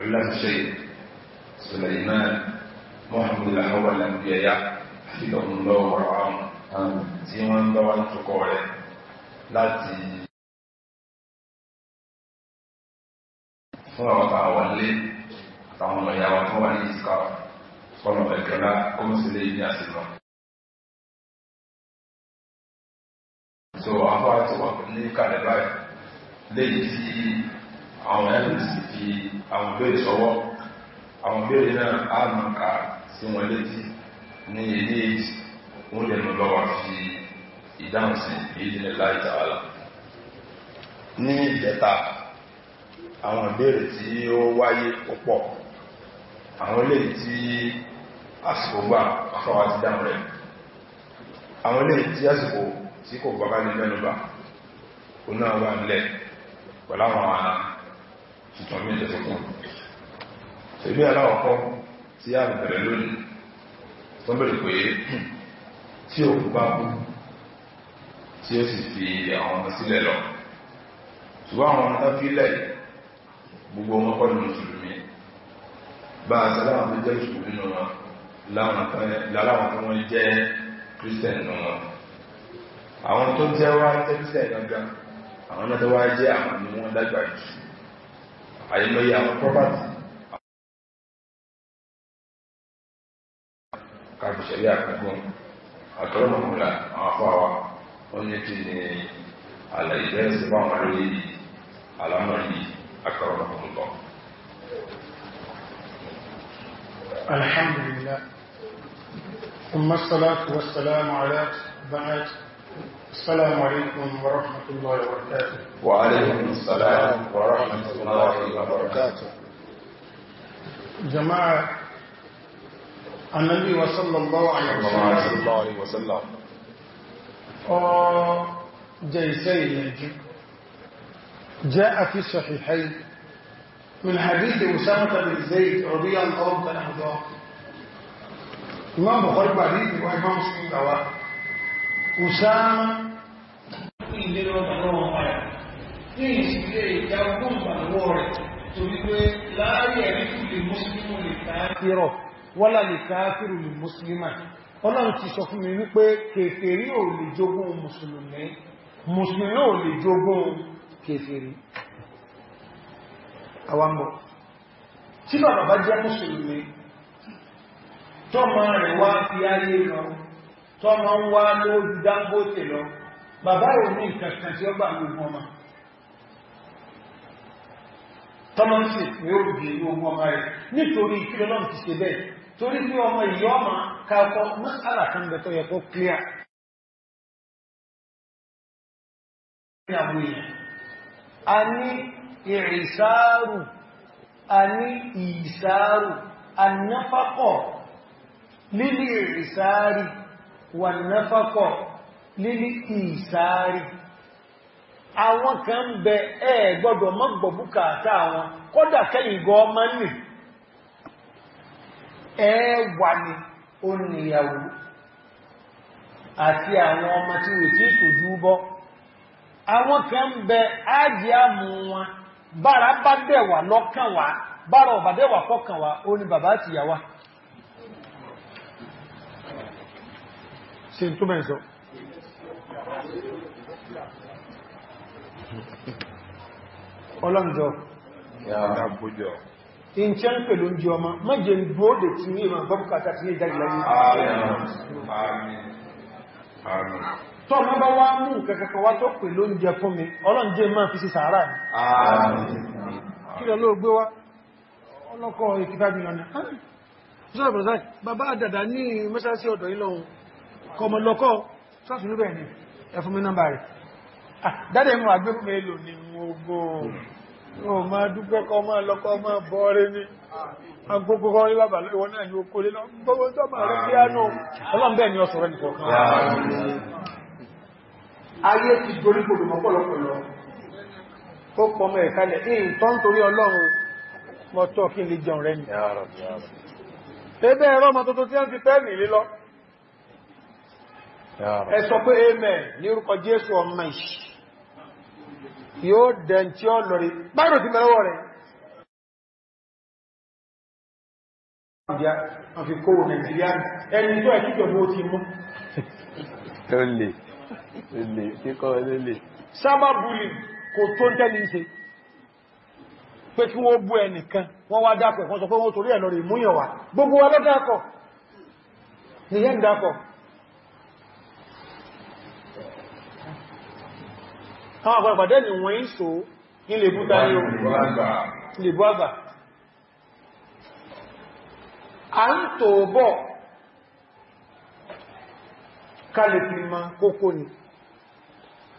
الله الشيخ سليمان محمد الأول الأنبياء حفظهم الله ورعاهم tí wọ́n ń bá wá tukọ̀ rẹ̀ láti fún àwọn àwọn ilé àtàwọn ọmọ ìyàwó tó wà ní ìsìká kọ́nà ẹ̀kẹ́lá kó ń sílé ní àsìlọ. so àwọn àti wà ní kàlẹ̀ báyìí léyìí tí àwọn ẹ̀rìn sì fi àwọn ìbéèrè sọwọ́ àwọn ìbéèrè náà á mọ̀ ká sí wọn létí ní ilé èjì wọ́n lè mọ̀ lọ́wọ́ fi ìdáhùn sí ìdílé láì tààlà ní ìjẹta àwọn ìbéèrè tí ó wáyé púpọ̀ àwọn ilé tí àsìkò gbà afọ́wà ti dáhùn rẹ̀ àwọn ilé tí àsìkò tí kò gbọ́gbá ní mẹ́nubà ó náà wà nílẹ̀ pẹ̀láwọn àwọn nítorí mẹ́jọ tó kàn ṣèbí aláwọ̀kọ́ tí a bẹ̀rẹ̀ lónìí tó bẹ̀rẹ̀ pé tí òkú on kú tí ó sì fi àwọn ọmọ sílẹ̀ lọ ṣùgbọ́n àwọn ọmọ tán fi lẹ̀ gbogbo ọmọ kọ́ nínú mùsùlùmí bá a Là láwọn tó jẹ́ mùsùlùmí nínú wọn láwọn tó wọ́n jẹ́ kírísítẹ̀ nínú wọn àwọn tó jẹ́ wá on kírísítẹ̀ gangan àwọn náà tó wá jẹ́ àwọn ni wọ́n lágbàá jù I didn't know you have a property. káàkiri ṣẹlẹ̀ àkàgbọn àtọrọmọmọlá àwọn afáwa wọn ní kí ni àlàyé bẹ̀rẹ̀ sí fáwọn lórí àlámọ̀rí àtọrọmọmọlá. alhamdulillah umar salatu wassalamu ala ba'at السلام عليكم ورحمة الله وبركاته وعليكم السلام ورحمة الله وبركاته جماعة النبي صلى الله عليه وسلم آه، جيسي نجي جاء في الصحيحين من حديث أسامة بن زيد رضي الله عنه وارضاه إمام بخاري بعدين وإمام مسلم أوائل Usama ìlera ọ̀rọ̀ ọ̀pá rẹ̀ ní ìsìlẹ̀ ìjágún ìgbàlọ́wọ́ rẹ̀ torí pé láàárín ẹ̀rí fún lè mùsùlùmù lè káàkiri wọ́lá lè káàkiri lè mùsùlùmù ọlọ́run ti sọ fún mi wípé kèfèrí ò lè jogún mùsùlùmí mùsùlùmí ò lè jogún kèfèrí tí bàbá tọ́mọ ń wá lórí Dangote lọ bàbá ìròmí ìkẹ̀kẹ̀ tí ó gbà lóògùn ọmọ tọ́mọ ń sì pé ó rí ogun ọmọ rẹ̀ nítorí ìkílẹ̀ náà ti ṣe bẹ́ẹ̀ torí pé ọmọ ìyá kakọ mọ́sálà kan wànáfàkọ̀ lílí ìsáàrí àwọn kan ń bẹ ẹ gbọ́dọ̀ mọ́ gbọ̀búkà àtàwọn kọ́dà kẹ́yìn gọ́ ọmọ nì ẹ wà ní oníyàwó àti àwọn ọmọ tí wò tí ìtòjú bọ́ àwọn kan bẹ ájì àmú wọn bára bá dẹ̀wà lọ́kàn bára sí tó bẹ́ẹ̀ sọ ọlọ́njọ́ ìyàgbójọ́ in ṣe ń pèlú ń jí ọmọ mẹ́jẹ ń bó dè tí ní ìwọ̀n bọ́bùkátà tí ní ìdájì lẹ́yìn tọ́ mọ́ bá wá mú kẹkẹkẹ wá tó pèlú ń jẹ fún mi ọlọ́njẹ́ máa fi sí sàárà ní kí lọ lóò gbé wá ọlọ́kọ̀ 85 million kọmọ lọ́kọ́ sọ́fì níbẹ̀ ni ẹfún mi nọ́mbà rẹ̀ ah, dáadé mú àgbẹ́rù mélòó ni gbogbo o ma dúpẹ́ kọ ma lọ́kọ́ ma bọ́ọ̀rẹ́ ní agogo kọ́ ní bàbá lọ́wọ́ náà ni ó kó lé lọ́gbọ́gbọ́ tó ma rẹ̀ bí ánú ọlọ́run bẹ́ẹ̀ ni ọ sọ̀rọ̀ nìkan ayé ti dorí kòdò mọ́pọ̀lọpọ̀lọ ó pọ̀ mọ́ ẹ̀kálẹ̀ ní ìtọ́n torí ọlọ́run mọ́tọ́ kí lè jẹun rẹ̀ ni ẹgbẹ́ ẹ̀rọ mọ́tọ́tọ́ ẹ sọ pé amen ní orúkọ jésù ọmọ ìṣì yóò dẹ̀ tí ó lọ rí báyìí ti mẹ́rọ rẹ̀ àfikò nàìjíríà ẹni tó ẹ̀kí jọmọ́ ti mú olè olè kíkọ́ olè sábàbùlì kò tó ń tẹ́lì ṣe pé kí wọ́n bú ẹnìkan wọ́n wá dákọ̀ wọ́n sọ pé wọ́n torí ẹ̀ lọ rí múyàn wá gbogbo wa lọ́dákọ̀ ni yẹ́ ń dákọ̀ àwọn àgbàgbàdẹ́ ni wọ́n ń so nílé búta ní ìlébú àgbà a ń tò bọ̀ kalẹ̀fì ma kókó ni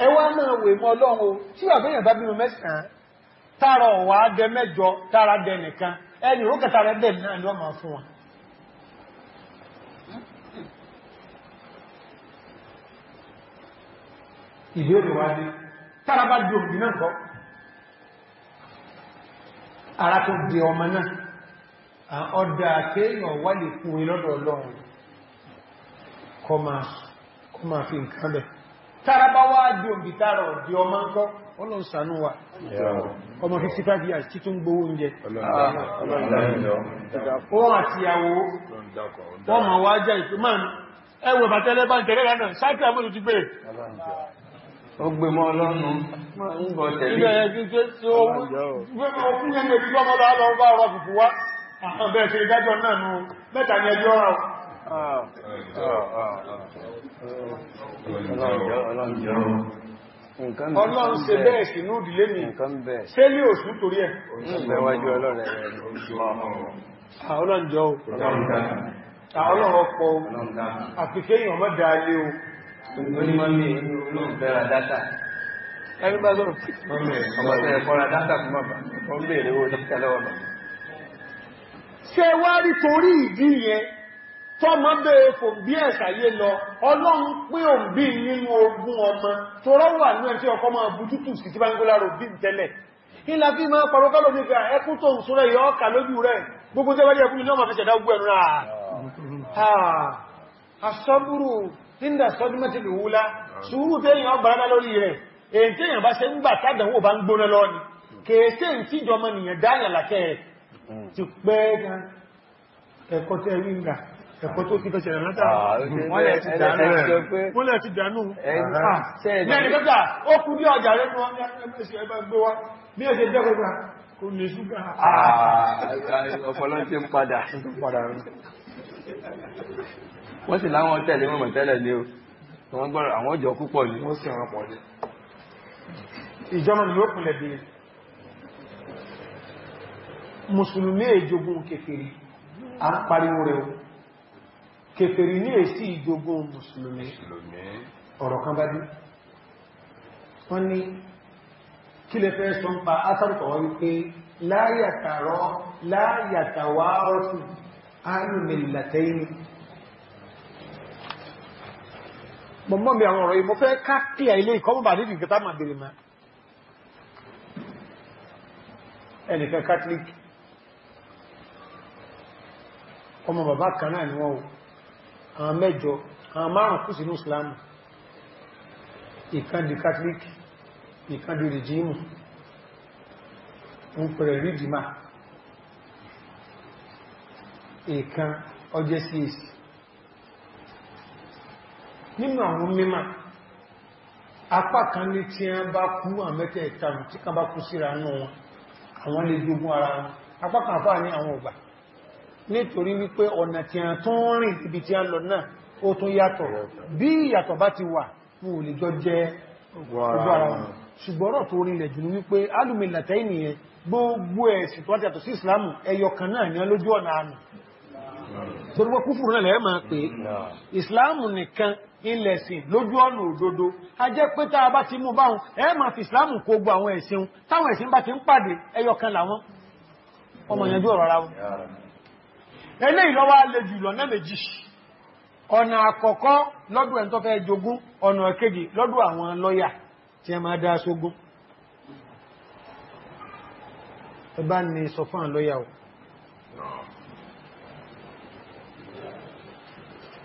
ẹwà náà wè mọ́ ọlọ́run tí wà bá bínú mẹ́sàn-án tààrà ọ̀wà dẹ mẹ́jọ tààrà dẹ nìkan ẹni tára bá di òbí náà kọ́ ara tó di ọmọ náà ọdá kéèyàn wà lè fún ilọ́dọ̀ ọlọ́run kọ máa fi nǹkan bẹ̀ tára bá wá di òbí tára ọdí ọmọ ń kọ́ ọlọ́run ṣàánú wa ọmọ 55 years tí tún gbówó oúnjẹ ọlọ́run àti ìyàwó wọ́n ma wá jẹ́ ìpé máa ẹwọ̀ bàtẹ́lẹ́ bá ń tẹ̀lẹ́ ó gbé mọ́ ọlọ́nu máa ń bọ̀ tẹ̀lé ilé ẹjú tó tí ó gbé mọ́ ọkùn yẹn lórí gbọ́mọ́ lọ́wọ́ bá ọ̀rọ̀ fùfú wá àwọn bẹ́ẹ̀ ṣe dájọ́ náà nù mẹ́ta ni ẹjọ́ ọ̀rọ̀ Ọlọ́run ṣe bẹ́ẹ̀ sí ní òdílé mi, ṣé ní òṣù torí ẹ̀? Ìgbẹ̀wájú ọlọ́rẹ̀ Ọlọ́run jọ onímọ̀mí olóhùn fẹ́ ra dátà ẹgbẹ́ bá lọ́rùn ọmọ tẹ́ ẹ̀kọ́ ra dátà fún bàbá ó ń bèèrè owó dátà lọ́wọ́ bàbá ṣe wá rí torí ìdí yẹn tọ́mọ bẹ́ẹ̀ fò bí ẹ̀ṣàyé lọ ọlọ́run pé òun bí nínú ogún ọmọ tó rọ́wà ní ẹ̀ tí ọkọ máa bujútù sí tí bá ń gbó lárò bí tẹ́lẹ̀ ìlà fi máa pàrọkọ́lò ní pé ẹkún tó ń súnrẹ̀ yọ ọkà lójú rẹ̀ gbogbo tínda sọ́dúnmẹ́tì lòúlá ṣúrù tẹ́yìn ọgbàrádá lórí rẹ̀ èyí tẹ́yìn bá ṣe ń gbà tàdàwò bá ń gbóná lọ ní kèèṣẹ́ ń tí jọmọ nìyàn dáyà lákẹ́ rẹ̀ ti pẹ́ ẹ̀kọ́ tẹ́ rí ńgà ẹ̀kọ́ tó ti fẹ́ṣẹ̀ ah, rẹ̀ látà mọ́lẹ̀ ti dànù mẹ́rin ah, kẹta ó kú bí ọjà rẹ̀ fún ọjọ́ ẹgbẹ́ wọ́n sì láwọn tẹ̀lé mọ̀mọ̀ tẹ́lẹ̀ ni o wọ́n gbọ́rọ̀ àwọn ìjọ púpọ̀ ni wọ́n sì wọn pọ̀ ní ìjọba ni ó kùnlẹ̀ bí mùsùlùmí èjogún kèfèrí a ń pariwo rẹ̀ o ní èsì ìjogún mùsùlùmí ọ̀rọ̀ kan bá dé wọ́n ní kí lè fẹ́ sọ ń pa ásàrùkọ̀ wọ́n wípé láyàtàwárọ́tù áyùmìlàtẹ́yìn mọ̀ mọ́ mi àwọn ọ̀rọ̀ yìí mo fẹ́ ká kí à ilé ìkọ́ mọ́bà nídìí gẹta máa bèèrè máa ẹnìkan catholic ọmọ bàbá kan náà ni wọ́n àwọn mẹ́jọ àwọn márùn kú sínú islam ìkan di catholic ìkan di rìjíìmù ń pẹ̀rẹ̀ rìdìmá ìkan ọjẹ́ sí èsì nínú àwọn mímọ̀ apá kan ní tí a bá kú àmẹ́tẹ̀ ìtàrù tí kan bá kú síra náà wọn àwọn lè jogún ara wọn apá kan fà ní àwọn ọgbà nítorí wípé ọ̀nà tí a tó ń rìn ibi tí a lọ náà ó tún yàtọ̀ bí ìyàtọ̀ bá ti wà wọn ò lè jọ jẹ ṣùgbọ́rọ̀ tó rí torí wọ́n kúfùrù náà lẹ́ẹ̀ máa pè é ìsìláàmù nìkan ilẹ̀ sí lójú ọ̀nà òdodo a jẹ́ pé tá a bá ti mú báwọn ẹ máa fi ìsìláàmù kó gbọ́ àwọn ẹ̀sìn táwọn ẹ̀sìn bá ti ń pàdé ẹyọ kan làwọn ọmọ yanjú ọ̀rọ̀ ara wọn ẹlẹ́ ìlọ́wọ́ alẹ́ jù lọ́nà méjì ọ̀nà àkọ́kọ́ lọ́dún ẹ̀ tó fẹ́ jogún ọ̀nà kejì lọ́dún àwọn lọ́yà tí ẹ máa dá sógún ẹ bá ní sọ fún àwọn lọ́yà o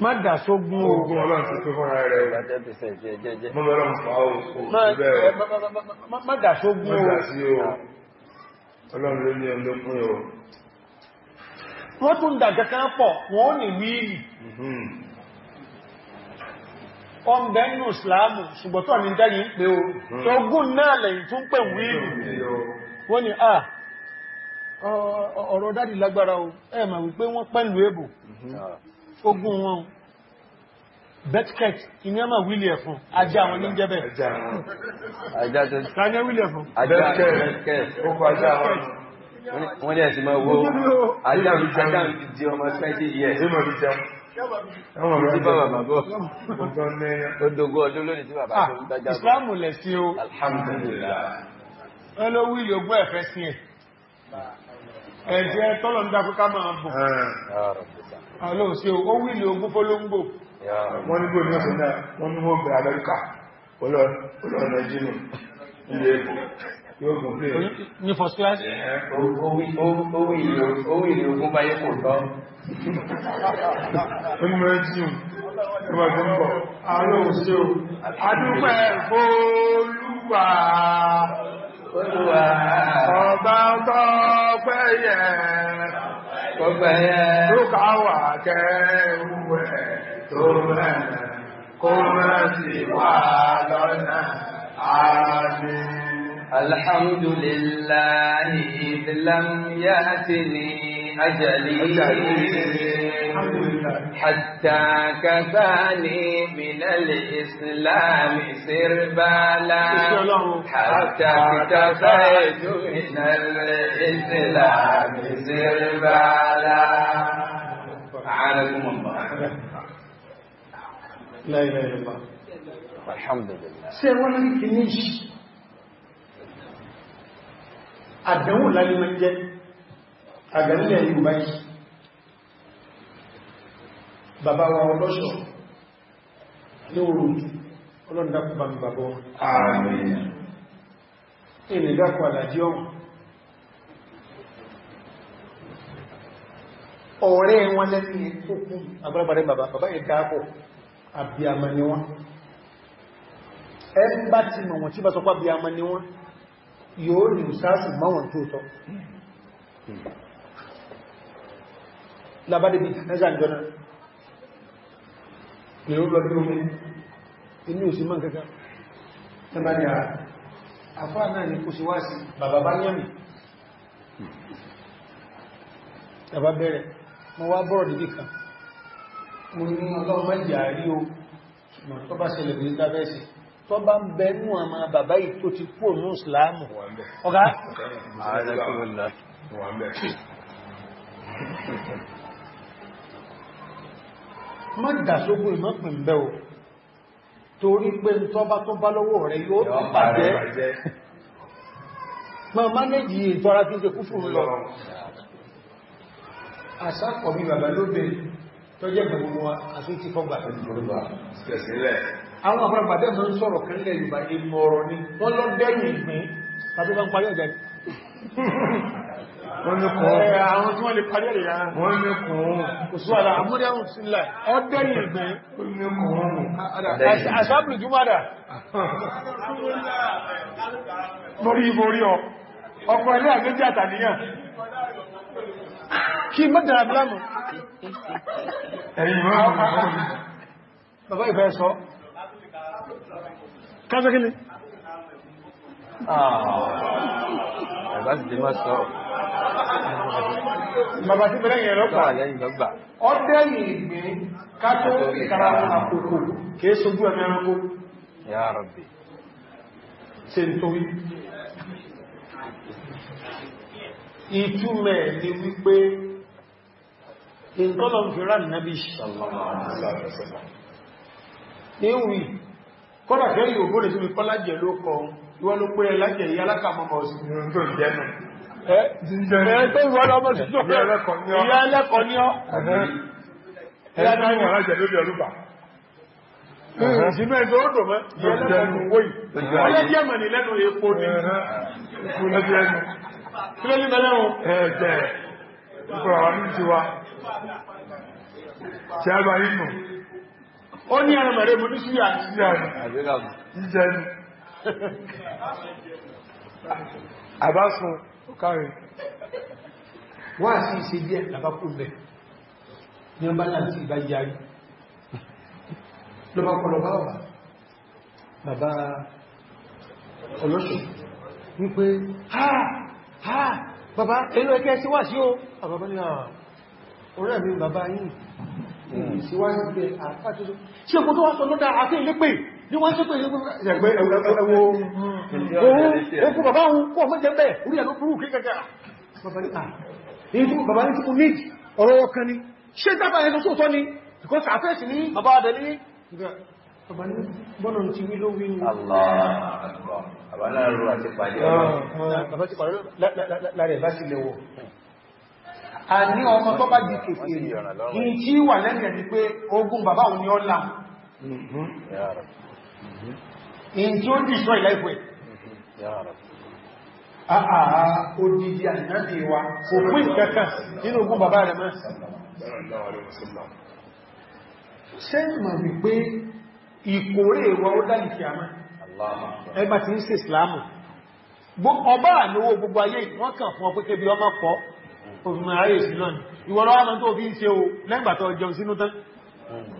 má dà sógún ogun ọlọ́run ti pín fúnra rẹ̀ mọ́ lọ́rọ̀ pa ó bẹ́ẹ̀ má dà sógún ọlọ́run ló ní ọlọ́pùn o wọ́n tún dà kankan pọ̀ wọ́n ní wíìlì mhm. ọmọdé nínú ìsìláàmù ṣùgbọ́n tó ní jẹ́yìn pé o ṣogún mhm. náà lẹ́yìn tún pẹ̀ wíìlì wọ́n ní à ah, ọ̀rọ̀ dádì lágbára o ẹ mà wípé wọ́n pẹ̀lú èbò mhm. ah ogún wọn betket iná mà wílì ẹ̀ fún ajá àwọn oníjẹ́ bẹ̀ ajá tó sáyẹ́ wílì ẹ̀ fún betket kókó ajá wọn wọ́n ní ẹ̀sìn máa wo ajá mi di ọmọ 20 years Àwọn tí bàbá bàbọ̀. Odògó ọdún lónìí tí bàbá ah, tó ń dájá. Ìsìláàmù lẹ̀ sí o. Alhamdulillah. Ọlọ́wí ìlú ogún ẹ̀fẹ́ sí ẹ̀ ẹ̀jẹ́ tọ́lọ̀ ń dákú ká máa bọ̀. Ah. àlọ́ sí ó wílì ogún fólóngbò wọ́n ní gbò ní ọ̀sẹ̀ náà wọ́n ní wọ́n bẹ̀rẹ̀ Amẹ́ríkà olóòrùn ẹjínú ilé ẹ̀kọ́ yóò gùn pé ní first class ó wílì ogún báyé kò tọ́ Àlọ́ òṣèrò, adúgbẹ́ fóòlúwàá Olúwa ọba tó pẹ́yẹ tó pẹ́yẹ tó ká wà kẹ́wù ẹ̀ tó mẹ́rin kó mẹ́sì wà lọ́nà àmín. الحمد لله إذ لم يأتني أجلي حتى كفاني من الإسلام سربالا حتى كفيت من الإسلام سربالا أعانكم الله لا إله إلا الله الحمد لله سيوانا كنيش أدعو لا يمجد ń jẹ́ àgbàlẹ̀ bàbá wa ọlọ́ṣọ́ ní oòrùn ọlọ́run dákun bá mi bàbá wọn àmín ilẹ̀ dákun àlàjí ọmọ ọ̀rẹ́ wọn lẹ́ni òkun agbábàrẹ bàbá bàbá yẹ àbíàmà ni wọn ẹ bá ti mọ̀ wọn tí bá sọpá àbíàmà ni wọn yóò ní ìsáàsù máwọn tó tọ́ hmm. labadebe nàíjà ìjọ lè ó lọ bí omi inú òsì mọ́ kẹta tẹ́bàdì àà àfáà náà ni kò sí wá sí bàbá bá yẹ́mì bàbá bẹ̀rẹ̀ mọ́ wá bọ́rọ̀ dìdí kan mo ní ọlọ́run mẹ́jì àárí o tó bá ṣẹlẹ̀ ní tó bá ń bẹ nú àmà bàbá yìí tó ti kú òun ìsìláàmù ọ̀gá má dàsógún ìmọ́ pìn bẹ́ o torí pé tọ́bá tó bá lọ́wọ́ rẹ̀ yóò bàjẹ́ ma mánéjì ìtọ́ra tí ń ṣe kú fún lọ àṣàkọ̀ mi bàbá lóbe tó jẹ́ gbogbo wa àṣó ti fọ́gbà àwọn àpapàdé mọ́ ń ni wọ́n lọ dẹ́yìn wọ́n ní kọ́ àwọn tí wọ́n lè parí ẹ̀rẹ̀ yára wọ́n ní kọ́ kò sí wà láàá múrí àwọn sílẹ̀ ọdẹ́ ní ẹgbẹ́ wọ́n ní kọ́ àṣàbùn jùmọ́dà mọ́rí mọ́rí ọ ọkọ̀ ilé àgbéjì àtàníyàn kí mọ́dára blámù bàbá ìfẹ́ sọ kájọ́kílẹ̀ Ah, ẹ̀bá sì dé máa bàbá tí bẹ̀rẹ̀ yẹn lọ́gbà ọdẹ́ yìí gbé kátó ìkara àkókò ya rabbi ṣe ń torí ìtumẹ̀ ni wípé ìtọ́lọ̀ fìrà nàbí ìwì kọ́dà kẹ́rì ògbóre tí mi kọ́ lájẹ̀ Ẹ̀yẹ tó ìwọ́n ọmọ sí tó fẹ́ ìyá ẹlẹ́kọ̀ọ́ ní ọ́. Ẹ̀yẹ tó ìwọ́n ọjọ́ lórí ọlúbà. Ìjìnà ẹ̀dọ́ ọdọ̀ mọ́, ìyá ẹlẹ́kọ̀ọ́ wòyí. Ọlẹ́ jẹ́ mọ̀ ní lẹ́nu epo ní. Kí ló ní mẹ́lẹ́rùn? Ẹ̀ẹ̀dẹ̀ ìkọ̀ àwọn ní ti wa. Ṣé àgbà yìí nù? Ó ní ẹran mẹ̀rẹ̀ mo ní súyà ní. Jíjẹ ni. Àbásun ọ̀kàrí wá sí ìṣe díẹ̀ lábákúnbẹ̀ ní ọba láti ìbá jari, lọ́bá kọlọ bá ọ̀bá bàbá ọlọ́ṣù wípé ha ha bàbá ẹlọ ẹgbẹ́ síwá sí o àbàbá ní àwọn ọ̀rẹ́ mi bàbá yìí síwá sí pé àpá tó sọ ní wọ́n tó pé ẹgbẹ́ ẹwọ oókù bàbá òun kọ́ mọ́ jẹ́ bẹ́ẹ̀ orí ẹ̀lú burúkú kẹta bàbá ní ah, tíkú méjì ọ̀rọ̀ ọkàn ni ṣe dábà ẹ̀lú sóòtọ́ ni kò sàfẹ́sì ní bàbá adẹ ní bọ́nà ti wí lórí ah, ah. a ní ọmọ tó bá di kèfèé ní tí wà lẹ́nìyàn ni pé ogun bàbá òun ni ọ́ láàá mm-hmm in tí ó destroy life way àà ah, ah, ah, odidi ànábì wa kò pín kankan nínú ogún bàbá rẹ̀ mẹ́ ṣe mọ̀ wípé ìkórè wa ó dá ìfìyàmá ẹgbà tí ń ṣe islamu ọba àlówó gbogbo ayé wọ́n kàn fún ọpẹ́kẹ́ bí ọmọ pọ̀ òmìnira ayé ìsìnlọ́ni ìwọ̀lọ́wà mọ́ tó fi ń ṣe o lẹ́gbàtọ̀ jẹun sínú tán hmm.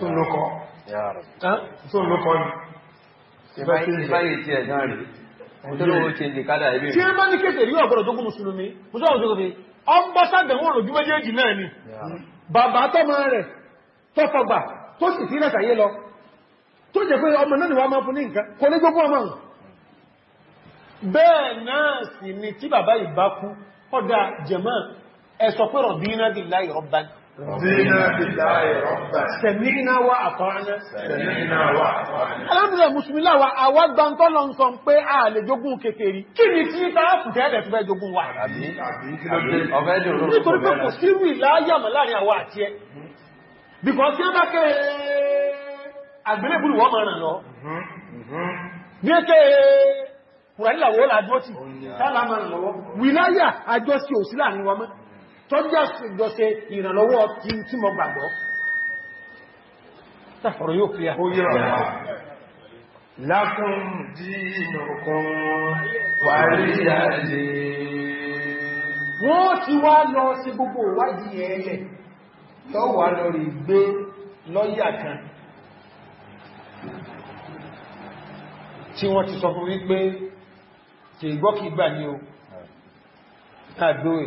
tó ń lókọ tó ń lókọ ní ìbáyìí tí ẹ̀ náà rí ojúlówó ti di kádà ibi tí ẹ bá ní kéfè rí ọ̀gbọ̀rọ̀ tó gún mùsùlùmí mùsùlùmí tó fi ọmọ sàgbẹ̀wọ̀n lójú méjèèjì náà ni bàbá tọ́mọ rẹ̀ tọ́fọgbà tó sì fi lẹ́sàyé lọ tó jẹ́ pé ọmọ náà ni wà máa fún ní nǹkan kò ní gbogbo ọmọ bẹ́ẹ̀ náà sì ni tí bàbá ìbá kú ọ̀dà jẹ̀mọ́ ẹ̀sọ̀ pẹ́rọ̀ bí náà ní رضينا بالله ربا سمعنا واطعنا سمعنا واطعنا alhamdulillah muslimin la wa àwa gbà ń tọ́lọ ń sọ pé a lè jogún kékeré kí ni tí táà kù tẹ́ ẹ̀dẹ̀ tó fẹ́ jogún wa nítorí pé kò sí wì láyàmà láàrin àwa àti ẹ bìkọ́ sí ẹ bá kẹ́ àgbélébùrù wọ́n mọ̀ ràn lọ mhm, mhm. ní ẹkẹ́ kùrànlá wọ́n lájọ́ sí tálámà lọ́wọ́ wìláyà àjọ́ sí òsílà ní wa mọ́ tó jọ́sẹ̀ ìrànlọ́wọ́ tí tí mọ gbàgbọ́ tàfàrọ yóò fi àhó yíra rẹ̀ lákùn dínà kan wàrí àdé wọ́n ti wá lọ sí gbogbo ìwádìí ẹ̀ẹ́lẹ̀ lọ́wà lọ rí gbé lọ́yà kan tí wọ́n ti sọ fún wípé kì gbọ́kìgbà ni o tàgbóè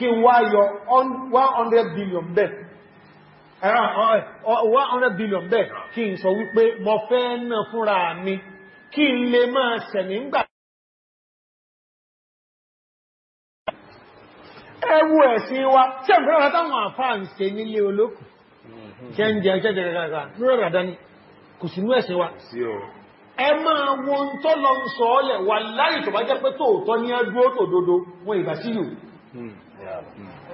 kí wá yọ 100 billion bẹ́ 100 billion bẹ́ kí n sọ wípé mo fẹ́ náà fúnra mi kí n lè máa sẹ̀mí ń gbà ẹ̀sìn wa tí ẹ̀kùnrin àwọn àtàwọn àfáà ṣe nílé olókù kí kò ẹ̀sìn wa ẹ máa wo lọ wà tó bá jẹ́ pé tóòtọ́ ní ẹgbẹ́ òtòdodo wọn ìgbà sí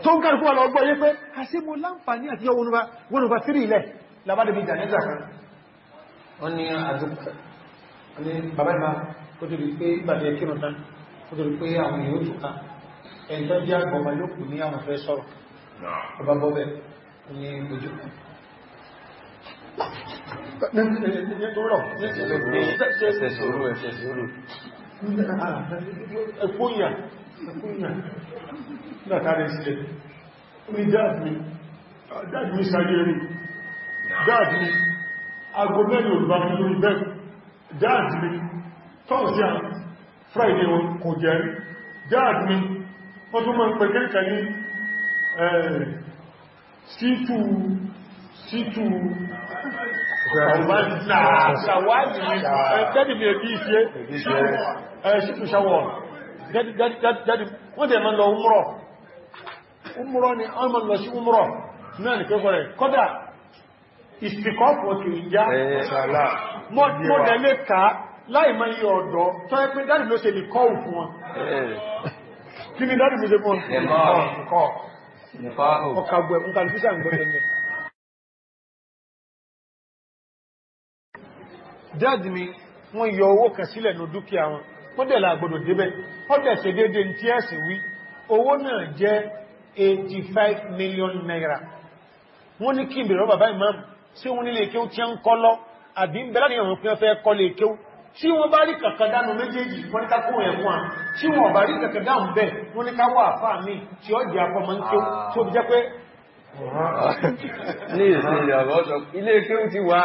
tó ń kàrùkú àlọ́ ọgbọ́ yé pé a sí mo láǹfààní àti ọwọ́nubá wọ́nubá fírí ilẹ̀ labádébí ìjànẹ́jà kan wọ́n ni àdúkà ní bàbá ìbá kó tó rí pé ìgbàdẹ̀ kírùntán kó tó rí pé àwọn èèyàn òtùká ẹ̀ntọ́ jẹ́ àgbọ̀mà lókù ní àwọn fẹ́ sọ̀rọ̀ ọba bọ́bẹ̀ ní látàrí sílẹ̀ ní dáàdì dáàdì ní sáré rí dáàdì ní agbọ́mẹ́rin olùbá ní lórí bẹ́ẹ̀ dáàdì ní tọ́ọ̀sí à friday wọn kò jẹ́rí dáàdì ní wọ́n tún máa ń pẹ̀ kẹ́kẹ́ ní sítù sítù ṣàwádìí ní ẹgbẹ́ jáde jáde jáde jáde wọ́n dẹ̀ ma lọ umrọ̀ umrọ̀ ni a ma lọ sí umrọ̀ náà ni pé fọ́rẹ̀ kọ́dà ìsìnkọ́pọ̀ kì í já eh, mọ́dẹ̀ lè ká láì ma yí ọ̀dọ́ tó ẹ pé dáàdì ló ṣe lè kọ́ òfin wọn eh. kí ni dáàdì ló ṣe wọ́n dẹ̀ làgbọ̀dọ̀ débẹ̀ wọ́n dẹ̀ ṣe dédé tí ẹ̀sìn wí owó náà jẹ́ 85 million naira wọ́n ní kí ìbẹ̀rẹ̀ bàbá imam sí wọ́n nílé kéw tí ó ń kọ́ lọ àbí ń bẹ̀rẹ̀ àwọn òpin ọ̀fẹ́ kọ́ lè kéw tí wọ́n bá rí kankan dánú méjèèjì wọ́n ní kákún ẹ̀kún à tí wọ́n bá rí kankan dánú bẹ́ẹ̀ wọ́n ní ká wà àfáà mi tí ó jẹ́ akọmọ́ ń kéw tí ó jẹ́ pé ní ìsìn ìyàwó sọ ilé kéwù ti wá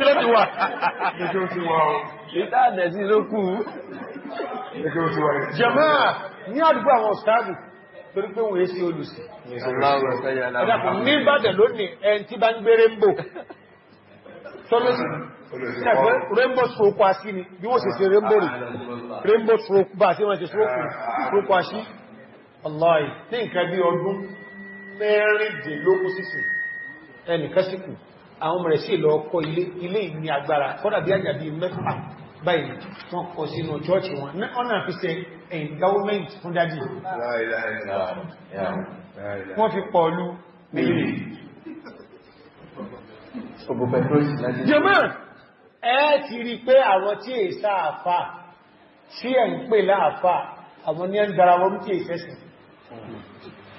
ilé ti wá ilé o ìta àdẹ̀sí ló kù ilé kéwù ti wá rẹ̀ jẹ́mọ́ ní àdúgbò àwọn ọ̀stáàdù torí pé wọ́n èsì olùsì ẹ̀dàkùn ní ìbàdẹ̀ lónìí ẹn tí bá ń gbé rẹ́mbò tọ́lọ́sì ẹ̀fẹ́ rẹ́mbò sókò àṣí ni bí wọ́n sì sí rẹ́mbò rí rẹ́mbò sókò bá sí wọ́n sì sókò àṣí Allah ní nǹkan bí ọdún mẹ́rìndínlógún sísìn ẹnìkan síkù àwọn mẹ̀rẹ̀ sí lọ kọ́ ilé ilé ìní agbára kọ́dà bí àjà bí mẹ́fà báyìí wọ́n kọ́ sínú chọ́ọ̀chì wọn ọ̀nà fi ṣe endowment fún dájì wọ́n fi pọ̀lú nílé jẹ́mọ́ ẹ ti rí pé àwọn tí è sáàfà tí ẹ̀ ń pè láàfà àwọn ní ẹ̀ ń dára wọn tí è sẹ́sìn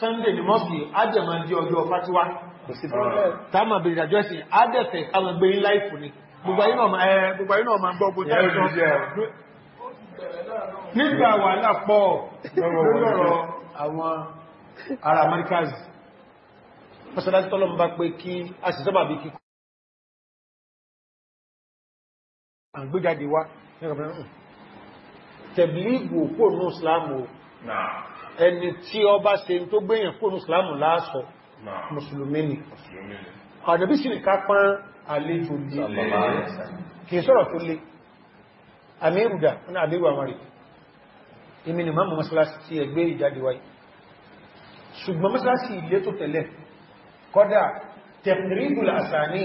sunday ni mọ́sí ajẹ́mọ̀ di ọjọ́ fatiwa tàmà bèèrè àjọ́ ẹ̀sìn adẹ́fẹ̀ àwọn gbé ni gbogbo ayé náà ma gbọ́ gbogbo nígbà wà lápọ̀ lọ́rọ̀ àwọn ará mọ́sálásí bá pé kí a sì wá kò ẹni tí ó bá ṣe tó gbéyàn kó nùsùlámù láàsọ mùsùlùmí ni àdàbí sí nìká pán àlejò lè kìí sọ́rọ̀ tó lé àmìrùdà ní àbíwà wọn rí èmi ni máa mọ̀ mọ́sálásí tí ẹgbẹ́ ìjáde wáyé ṣùgbọ́n mọ́sálásí ilé tó tẹ̀lẹ̀ kọ́dà tẹ̀mìrìbùl àsàní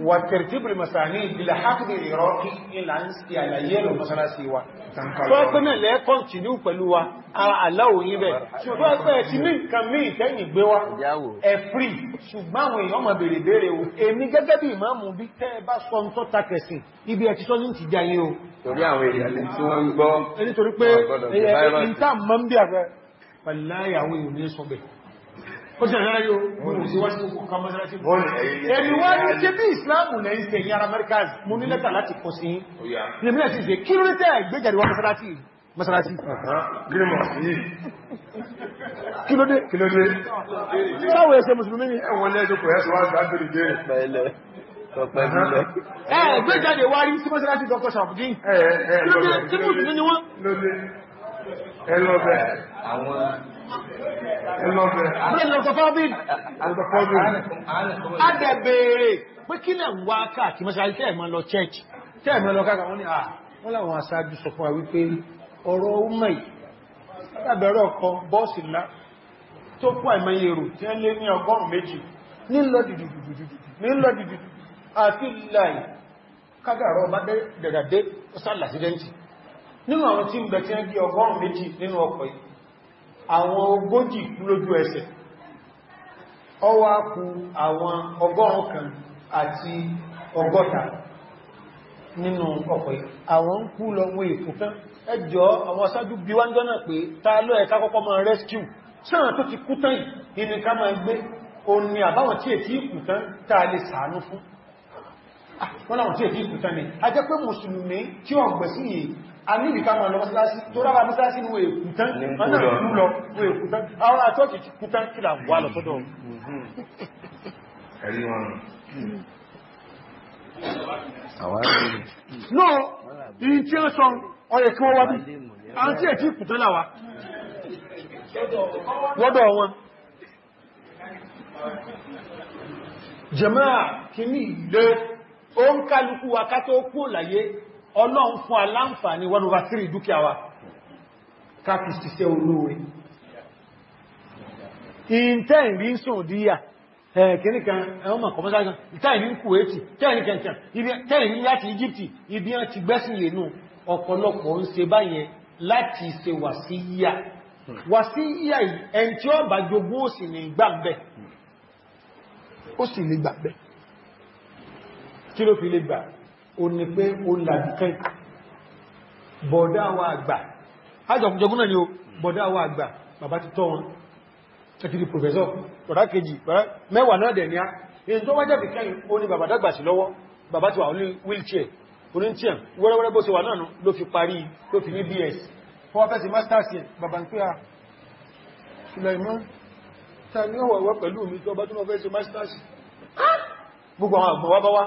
وترتيب المسانيد بالحقد العراقي الى انسي على يلو مثلا سيوا فكنا لا كونتينيو pẹ̀lú wa aláwọ̀ yín bẹ́ẹ̀ ṣùgbọ́n pé ti mi nǹkan mi tẹ̀yìn gbé wa ẹ free ṣùgbọ́n àwọn èèyàn máa bèrè bèrè o èmi gẹ́gẹ́ bí ìmáàmù bí tẹ́ bá sọ n tó ta kesin ibi ẹ ti sọ nin ja yín o torí àwọn èèyàn le tí wọ́n gbọ́ nítorí pé nta man bi afẹ wallahi àwọn èèyàn ni sọ bẹ́ẹ̀ ó ti rẹ̀ yóò mú sí wá sí òkú kan mọ́sánásí ẹni wá ní ṣe bí ìsìláàmù lẹ́ ń tẹ̀yìn ara Americas mú ní lẹ́tà láti kọ sí ìrìnlẹ̀ sí ṣe kí ló ní tẹ́ gbéjẹ̀rẹ̀ wá mọ́sánásí mọ́sánásí kí ló dé kí ló dé sáwọ̀ ẹsẹ̀ mùsùlùmí ni ẹ̀wọ̀n lẹ́ Ẹgbẹ́jáde wá rí sí mọ́sánásí Dr. Shafdin. Ẹ̀ẹ̀ẹ̀ lóde. Ẹlọ́bẹ̀. Àwọn Adẹ̀bẹ̀rẹ̀ pé kí lẹ̀ ń wá káàkì mọ́sálásí tẹ́ẹ̀mọ́ lọ chẹ́ẹ̀kì, tẹ́ẹ̀mọ́ lọ káàkì wọ́n ni àà wọ́n láwọn aṣáájú sọ fún àwí pé ọ̀rọ̀ ọmọ ìtàbẹ̀rẹ̀ ọkọ̀ bọ́ọ̀sì ńlá tó kú àìmọye èrò tí ẹ lé ní ọgọ́rùn méjì nílọ dìdìdìdì àti láì kágàrọ̀ bá dẹ̀dàdé ó sálà sídẹ́ntì nínú àwọn tí ń bẹ̀ tí ẹ gí ọgọ́rùn méjì nínú ọkọ̀ yìí àwọn ogójì kú lójú ẹsẹ̀ ọwá kú àwọn ọgọ́rùn kan àti ọgọ́ta nínú ọkọ̀ àwọn ń kú lọ wọ́n ìfòfẹ́ ẹjọ́ àwọn aṣáájú bí wá ń jọ́nà pé ta ló ẹ̀ká kọ́kọ́ máa rescue sáà tó ti kú tán ìní ká máa gbé o ní àbáwọn tí ètí ìkù tán tá a lè sàánú fún ah, wọ́n láwọn tí ètí ìkù tán ni a jẹ́ pé mùsùlùmí tí ọ̀gbẹ̀ sí yìí amílìká ma lọ mọ́sílásí tó rára mọ́sílásí wo èkútán ọ̀nà ìlú lọ wo èkútán àwọn àtọ́kì kútán kí là wà lọ́tọ́dọ̀ no ìyí tí ó sọ ọyẹ̀ kí wọ́n wá bí àti ẹ̀ tí kútán láwá lọ́dọ̀ wọn jẹ́máà kí ní ilé ó ń kálukú wa ká tó kú láyé ọlọ́run fún aláǹfààní ni over 3 dúkìá wa káàkì síṣẹ́ olóore ìntẹ́ìrí ń sùn díyà ẹ̀kìníkan ẹ̀wọ́n mọ̀ kọmọ́ságan ìtẹ́ìrí ń kúwẹ́tì tẹ́ìrí láti Íjíbítì ibi wọn ti gbẹ́sìn yẹnú ọ̀pọ̀lọpọ̀ ń ṣe báyẹn láti ṣe wàsíyà wàsíyà ẹni tí ó bá jogún ó sì ní gbàgbẹ́ ó kí ló fi lè gbàgbẹ́ o ní pé o làdìkẹ́ bọ̀dá wa àgbà ajọ̀kùnjọ̀kùn náà ni o bọ̀dá wa àgbà bàbá ti tọ́ wọn tẹ́kìdì professor bọ̀dá kejì mẹ́wàá náà dẹ̀ ní á èyí tó wájẹ́ kìkẹ́ o ní bàbá dàgbà sí lọ́wọ́ bàbá ti wà ní wheelchair oníntìyàn wẹ́rẹ́wẹ́rẹ́ bó ṣe wà náà ló fi parí ló fi ní bs wọ́n fẹ́ sí masters yẹn bàbá ń pé a Sulaiman ta ní ọwọ̀ ẹ̀wọ́ gbogbo àwọn àgbọ̀n wá bá wá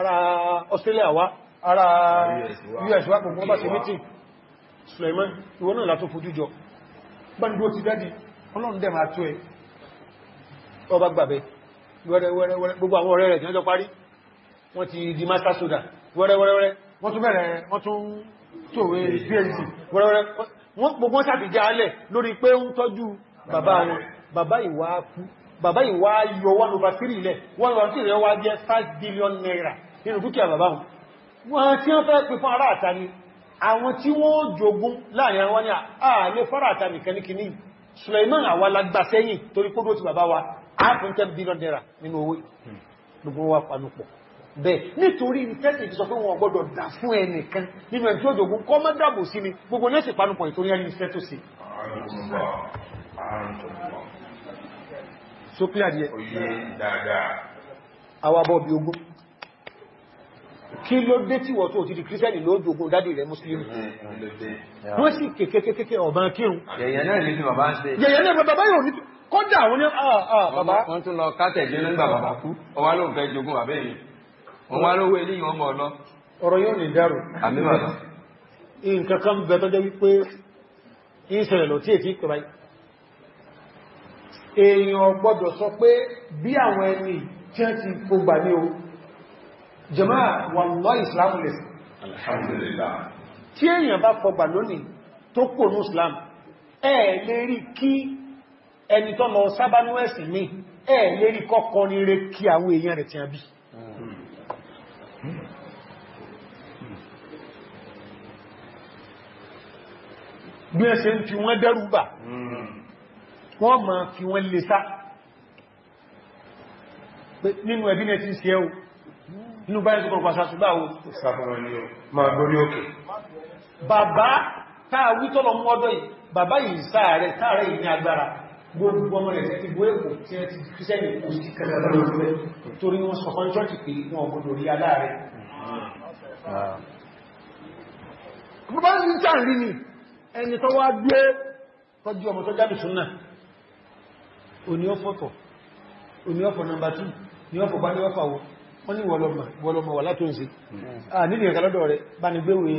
ara Australia wa ara US wá gbogbo bá ṣe meeting Suleiman ìwọ náà látó fojú jọ bá ń dúó ti dádì ọlọ́run dẹ̀ máa tó ẹ ọba gbàbẹ̀ wẹ́rẹ́wẹ́rẹ́ gbogbo àwọn ọ̀rẹ́ rẹ̀ tí wọ́n jọ parí wọ́n ti di master soda wẹ́rẹ́wẹ́rẹ́ wọ́n tún bẹ̀rẹ̀ wọ́n tún tòwé PhD wẹ́rẹ́wẹ́rẹ́ wọ́n gbogbo sàtìjá alẹ̀ lórí pé ń tọ́jú bàbá wọn bàbá ìwà kú bàbá ìwà yọ 1 over 3 ilẹ̀ 1 over 3 rẹ̀ wá jẹ́ 5 billion naira nínú dúkìá bàbá wọn tí wọ́n fẹ́ pè fún ará àta ni àwọn tí wọ́n jogun láàrin àwọn ní ààlẹ́ fara àta nìkan ní kìíní Suleiman àwa lágbà sẹ́yìn torí kó dóòtù bàbá wa ápùn 10 billion naira nínú owó hmm. gbogbo wa panupọ̀ bẹ́ẹ̀ nítorí tẹ́sì ti sọ pé wọn gbọ́dọ̀ dà fún ẹnìkan nínú ẹni tí ó jogun kọ́ mọ́ dàbò sí mi gbogbo ní ẹ̀sì panupọ̀ ìtorí ẹni iṣẹ́ tó sí so clear díẹ̀ àwa bọ́ bí ogún kí ló dé tí wọ́n tó ti di kírísẹ́nì ló jogun dádì rẹ̀ mùsùlùmí ló sì kékeré ọ̀bá kírun yẹ̀yẹ̀ náà ní bàbá ń ṣe yẹ̀yẹ̀ náà bàbá yóò ní kọ́dà àwọn ní ah, ah, bàbá wọ́n tún lọ kátẹ̀jẹ́ nígbà bàbá kú ọwá ló ń fẹ́ jogun bàbá èyí wọ́n wá lówó eléyìí wọ́n mọ̀ ọ lọ. ọ̀rọ̀ yóò ní dárò àmì bàbá. nǹkan kan bẹ tọ́jọ́ wípé ìṣẹ̀lẹ̀ ló tí èsì pẹ̀lú èèyàn gbọ́dọ̀ sọ pé bí àwọn ẹni tí wọ́n ti gbogbo ní o jama'a wallahi islam lè alhamdulillah tí èyàn bá fọgbà lónìí tó kò ní islam ẹ lè rí kí ẹni tó lọ sábánú ẹ̀sìn mi ẹ lè rí kọ́kọ́ ní rẹ kí àwọn èèyàn rẹ̀ tí a bí bí ẹ ń fi wọ́n dẹ́rùbà wọ́n ma fi wọ́n lè sá nínú ẹbí náà ti inú báyìí sọ́kọ̀ pàṣà ṣùgbà ó sàfihàn ní ọ ma gorí òkè bàbá táà wítọ́lọ mú ọdọ́ yìí bàbá yìí sáàrẹ táàrẹ yìí ní agbára gbogbo ọmọ rẹ̀ ti gbó èkó tí ẹ ti kíṣẹ́ ní kò sí kẹrẹrẹ torí wọn sọ fún ṣọ́ọ̀tì pé wọn gbọdọ̀ rí aláàrẹ bàbá yìí jà ń rí ni ẹni tó wá gbé tọ́jú ọmọ tó jáde súnà òní ọ̀fọ̀tọ̀ òní ọ̀fọ̀ nọ́mbà 2 ní bá ní ọ̀fọ̀ wọ́n ní wọ́lọ́mọ̀ wà látò ń sí hmm. nílì ẹ̀kà lọ́dọ̀ rẹ̀ bá ní gbéwé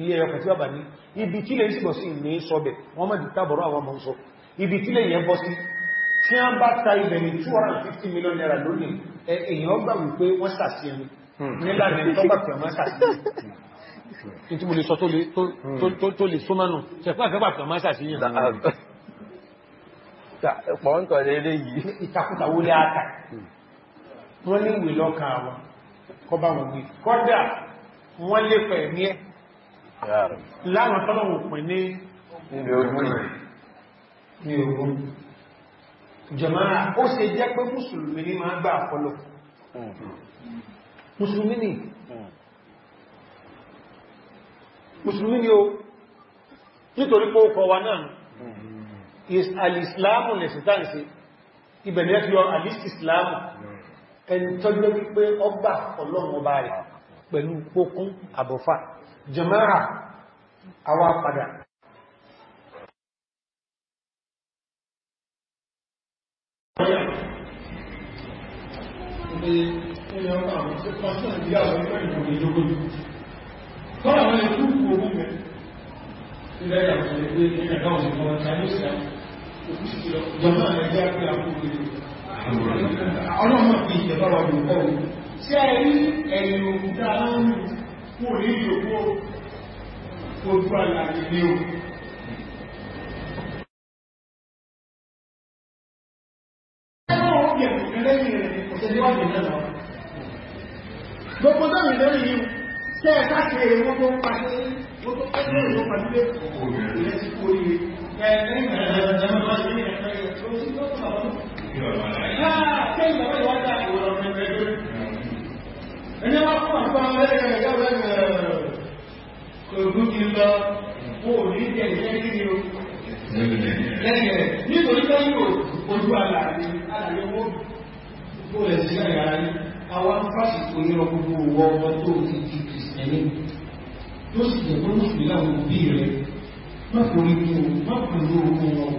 ilé ẹ̀yọkà tí wà bà ní ibi tí lè síbọ̀ sí ní sọ́bẹ̀ wọ́n mọ̀ dìtàbọ̀rọ̀ àwọn ọmọ sọ ibi tí lè yẹn bọ́ sí tí a bá ta ibẹ̀ ní 250 million naira lónìí èèyàn gbà wípé wọ́n sàsí ẹni nílànà ìtọ́gbà tí wọ́n sàsí ẹni hmm. tí mo lè sọ tó lè sómánù tẹ̀fà àgbà tí wọ́n sàsí ẹni um, pọ̀ ń kọ̀ lé lé yìí ìtakùtà wó lé àtà wọ́n ní ìwé lọ́kàn àwọn kọba wọn gbé kọ́dà wọ́n lé pẹ̀ ní ẹ́ láwọn tọ́lọ̀wò pẹ̀ ní ogun jẹmọ́ra ó ṣe jẹ́ pé mùsùlùmí ní máa gbà àpọlọ hmm. hmm. mùsùlùmí ni o nítorí pé ó wa náà hmm. is al-islamu lẹ̀sìtáǹsì ibẹ̀lẹ́ fi al-islamu ẹni tọ́jọ́ wípé ọgbà ọlọ́run ọba rẹ̀ pẹ̀lú pókún àbọ̀fà jẹmọ́ra àwa padà Ilé ìyàwó ìgbé ní ẹ̀dá òṣèlú ọ̀tá ní ìsìnkú, òkú sí lọ, jọmọ́ ẹgbẹ́ àpẹ́ àpò ìgbé ọlọ́mọ fi ìjẹba wà ní ọ̀pọ̀ tí a rí ẹ̀yìn òkúta aláàrùn kú ní ìyókó ojú àlàyé ní o gbogbo dámì lẹ́rìn yìí tẹ́ ẹ̀ká kiri wọ́n tó pàdé wọ́n tó pàdé wọ́n pàdé lẹ́sìkò yìí ẹ̀ẹ́rẹ́ ìrìnàjò ẹ̀ẹ́rẹ́ ìrìnàjò ẹni wá fún àpá ẹgbẹ̀rẹ̀ ẹgbẹ̀rẹ̀ ọ̀gbùn ti lọ ó ní ìjẹ̀lẹ̀ kí ni ó lẹ́yìn rẹ̀ nítorí pé yóò ojú alàrí alàrí owó ó rẹ̀ sí ẹ̀yà rí àwọn fásitì onírọ̀ gbogbo owó ọmọ tó ti di kìsìtẹ́lẹ̀ tó sì jẹ́ pé mùsùlùmí láwọn òbí rẹ̀ má kò rí kí o má kò rí owó wọn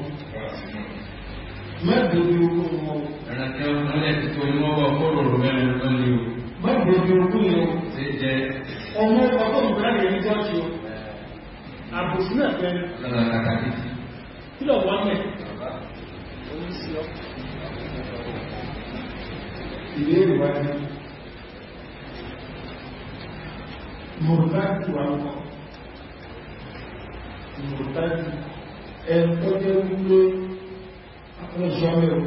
mẹ́gbẹ̀ẹ́ ogún wọn. ẹ̀rẹ̀kẹ́ ọmọlẹ̀ ti tó inú ọwọ́ kọ́rọ̀rọ̀ mẹ́rin ló ní o. mẹ́gbẹ̀ẹ́ ogún yẹn. ṣe jẹ. ọmọ ọkọ̀ ìgbàlẹ̀ yẹn jẹ́ ọ̀ṣọ́. àbòsí náà fẹ́. lọ́nà kàkàkì. kí lọ wá mẹ́. ìbéèrè wá ní. mọ̀tàkì wà ń kọ́. mọ̀tàkì ẹ̀ ń tọ́jú wípé wọ́n sọ mẹ́rọ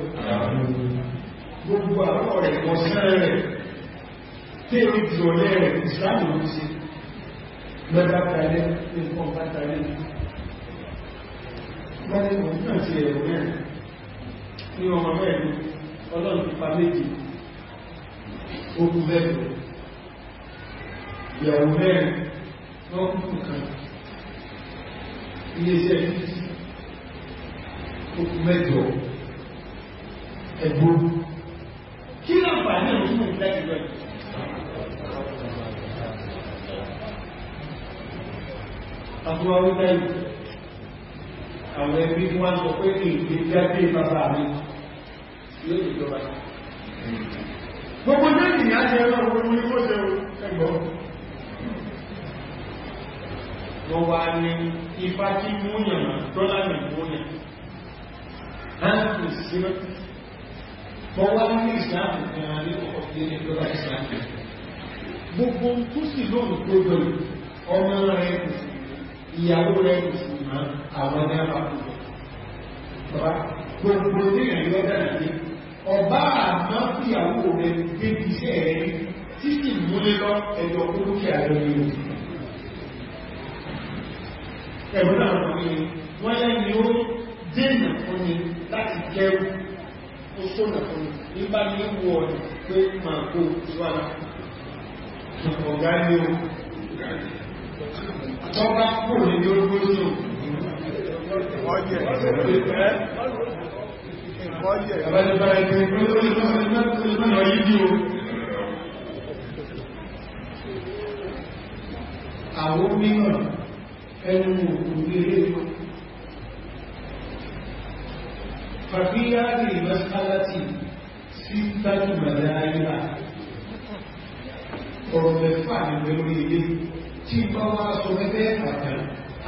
gbogbo àwọn rẹ̀ wọ́n sẹ́rẹ̀ rẹ̀ tí èmi ti ọ̀lẹ́ rẹ̀ ìsìláàmù ló ti lọ́gbà tàlẹ́ nǹkan bá tàlẹ́ wọ́n ni wọ́n náà ti ẹ̀rọ mẹ́rin ní ọmọ mẹ́rin ọlọ́run ti pa méjì ogun mẹ́rin ìyàwó mẹ́rin wọ́n kúrò kan iléeṣẹ́ ogun mẹ́jọ ẹ̀gbó kí ló ń pàdé òun fún ìlẹ́sì rẹ̀ àbúrò wípé àwọn ẹbí wọn sọ pé kí ìgbé jáde bàbá mi yóò ìjọba gbogbo jẹ́ ìyá jẹ́ ọlọ́run ní kó jẹ́ ẹgbọ́ wọ́n wá ní ifá tí múyàn tọ́lá mi múyàn láti sí wọ́n wá ní ìsìláàmù gan-an ní ọkọ̀ sí ní ìjọba ìsìláàmù gbogbo tó sì lóòrùn tó lórí ọmọ rẹ̀ kò sí ìyàwó rẹ̀ kò sí mọ́ àwọn ẹgbẹ́ àpapọ̀ bàbá gbogbo ní ìrìnlẹ́ dára ní ọba àmọ́ ìyàwó rẹ̀ débi iṣẹ́ rẹ̀ ní títì múlé lọ ẹ̀jọ̀ kúrú kí ààrẹ ní o ẹ̀rọ náà wọ́n ní wọ́n yẹ́ ni ó dènà fún mi láti jẹ́rù ó Àwọn mímọ̀ ẹnu òkú ilé ìfọ́n ففي هذه المسألة ستة مذاهب ọ̀rọ̀ mẹ́fà ní lórí ilé tí bá wá sọ gẹ́gẹ́ àgbà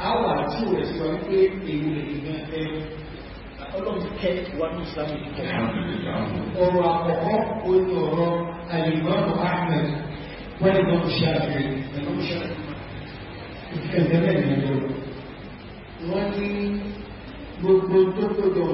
àwà tí ó rẹ̀ sí wa wípé èyí lè gbìyàn ẹ ọlọ́run kẹ́ wa ní ìsìlámù ìkọ̀ ọ̀rọ̀ àkọ́kọ́ ó ní ọ̀rọ̀ alimọ́nù ahmed wọ́n ní wọ́n ṣe àfihàn ẹ̀nà ṣe ìkẹ̀kẹ́ mẹ́rin lọ wọ́n ní gbogbo tó gbọdọ̀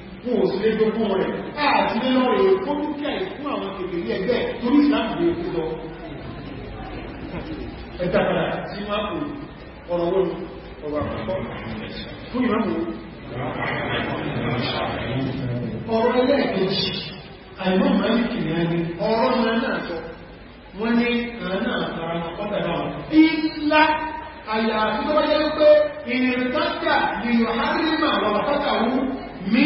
wọn ò sí lé gbogbo rẹ̀ àti lé lọ rẹ̀ ó dúkìá ìfún àwọn kèkèrè ẹgbẹ́ torí ìsìláàmù lè kú lọ ẹ̀tàkàrà tí máa kò ọ̀rọ̀ wọn ọ̀rọ̀ àkọ́kọ́ fún ìmáàmù ọ̀rọ̀ ẹlẹ́ẹ̀kejì àìmọ́ màálìkì ní ẹni ọ̀rọ̀ náà náà sọ wọ́n ní àánà àtàrà pátàdà wọn ńlá àyàfi tó bá jẹ́ wípé ìrìntájà ni yóò hárí mà wà pátàwú mi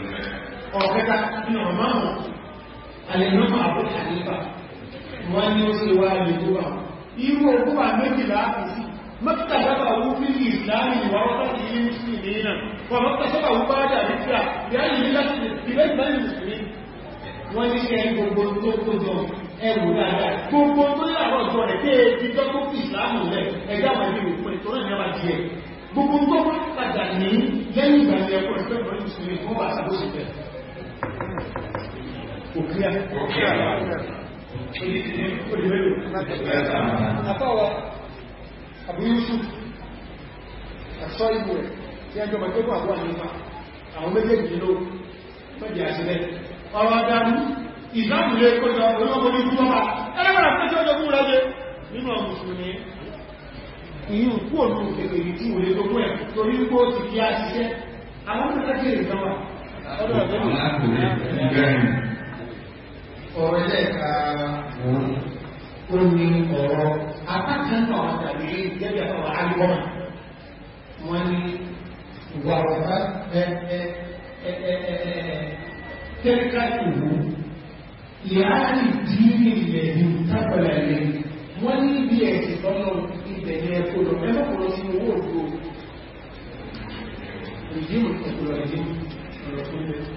ọ̀rọ̀ kẹta nínú ọ̀rọ̀ márùn-ún alẹ́nàmà àbú hanifa wọ́n ní ó ṣe wá lẹ́gbọ́wà irú ogúnwà méjìlá àfisí mọ́kítà sábà wú fílì ìsìláàmì ìwà ọ́tà sí ilé mùsùlùmí náà wọ́n mọ́kítà sábà wú bá dà ní kíra ìyáyì níláti ilé ìsìláàmì mùsùlùmí wọ́n ní ṣe gbogbo tó kó jọ ẹrù dáadáa gbogbo tó yàrá ọjọ́ rẹ̀ tẹ́ ti dọ́kú ìsìláàmù rẹ̀ ẹgbẹ́ àwọn ilé ìwòkú ìtọ́nà ìjọba díẹ̀ gbogbo tó wọ́n padà ní lẹ́yìn ìgbà ní ẹkọ́ ìfẹ́ àtọ́wọ́ àbúrúsù àtọ́ ìbò rẹ̀ tí a jọ mẹ́gbẹ́gbọ́ àwọn àyíká àwọn méjèèjì mẹ́jì àṣílẹ̀ ọ̀rọ̀ adáni ìsáàmùlé kọjọ olóògbòmí gúgbọ́mà ẹgbẹ̀rẹ̀ àpẹjọ́ ọjọ́gún rẹ̀ nínú ọmọ̀sùnmí ìyún ọ̀rọ̀ ẹlẹ́ẹ̀ka òun ó ní ọ̀rọ̀ apákanná àtàlẹ́ ìjẹ́bí àtọ̀rọ̀ alíwọ́mà wọ́n ní ìwà ọ̀rọ̀ tẹ́ríkà ìwò ìhàlì dín ilẹ̀ ní tábọ̀lẹ̀ rẹ̀ wọ́n ní ibi ẹ̀sìn lọ́nà ibẹ̀ ní ẹ̀kọ́ lọ mẹ́fà kọ́ lọ sí owó òdo ìdí òkú lọ ìdí òkú lọ sí ọ̀rọ̀ tó lọ sí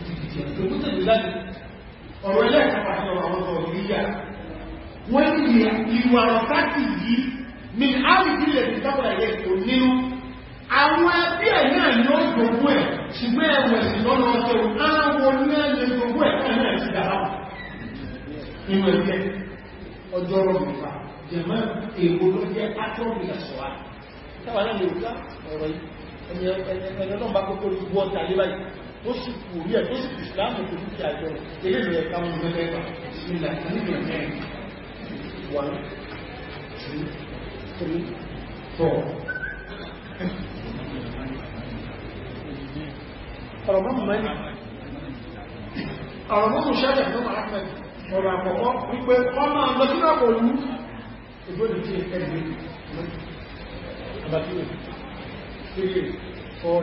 ìdí ìjẹun tó tó tẹ̀lé láti ọ̀rọ̀ ilẹ̀ ìsàpàtí ọ̀rọ̀ àwọn ọ̀rọ̀ ìyá wọ́n ní ìwà ọ̀sáàtì yìí ni àrídílẹ̀ ti dábọ̀ ẹ̀yẹ tó nínú àwọn ẹbí ẹ̀ náà ni ó gbogbo ẹ̀ ṣùgbọ́n ẹ̀wẹ̀ sí lọ́nà ọ̀tọ̀ aláwọ̀ ní ẹ̀lẹ́ gbogbo ẹ̀ náà náà ti dára tó sì kù orí ẹ̀ tó sì kù ìsìláàmù tó ní àjọ eré rẹ̀ káwọn mẹ́lẹ́gbà sílẹ̀ nílùú mẹ́rin one two three four ọ̀rọ̀mọ́mù mẹ́rin ọ̀rọ̀mọ́mù ṣẹlẹ̀ ló máa fẹ́ ọ̀rọ̀ àkọ́kọ́ wípé ọmọ àwọn tí wọ́n pọ̀lú ìgbóni tí ẹgbẹ̀rẹ̀ 3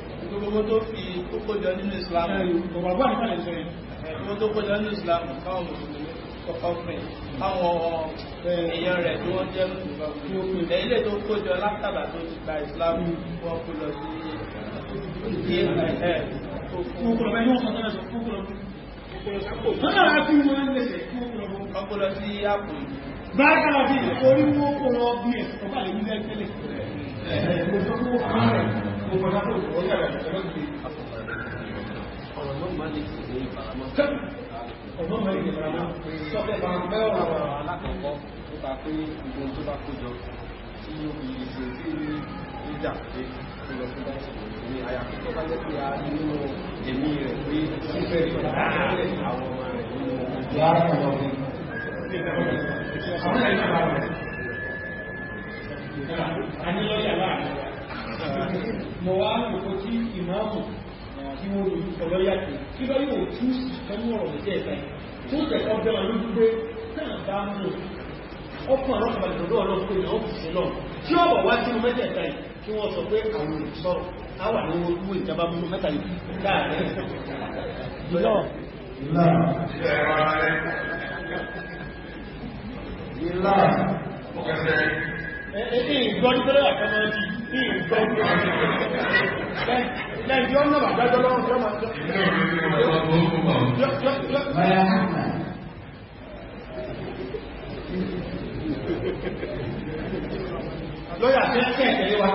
gbogbo tó fi kókó jọ nínú islam ọ̀pọ̀lọpọ̀ nípa lè sọ yẹn gbogbo tó kó jọ nínú islam káwọn mùsùlùmí kọ́kọ́ pè káwọn èèyàn rẹ̀ tí wọ́n jẹ́ mùsùlùmí ilé tó kó látàbà tó ti gba islam wọ́n kó lọ sí ọkọ̀ lọ sí àpò báyìí kára bí orí wọn lọ bí ẹ̀ ọ̀pá lè ní ẹgbẹ́lẹ̀ Ọgbọ́n mẹ́rin a ní lọ́yà láàrin mọ̀ wá mọ̀ kó tí ìmáàmù tí wọ́n lò ọlọ́yà tó kí bá yóò tú sí ìkẹ́lú ọ̀rọ̀ ìjẹ́ ẹ̀ka tó tẹ̀kọ́ bẹ́ wọn lójú pé náà bá ń lò ọkùn àwọn ọmọ ìdọ̀dọ̀ ọlọ́pẹ́ ìyàwó fìsí náà tí ó bọ̀ wá sínú mẹ́tẹ̀ẹ̀ta yìí kí wọ́n sọ pé àwọn olùsọ̀rọ̀ á wà ní owó ìjọba mú mẹ́ta yìí láàrin ìlọ́ọ̀ ìlọ́ọ̀ ìlọ́ọ̀ lọ́yà tí ń kẹ́ẹ̀kẹ́ wá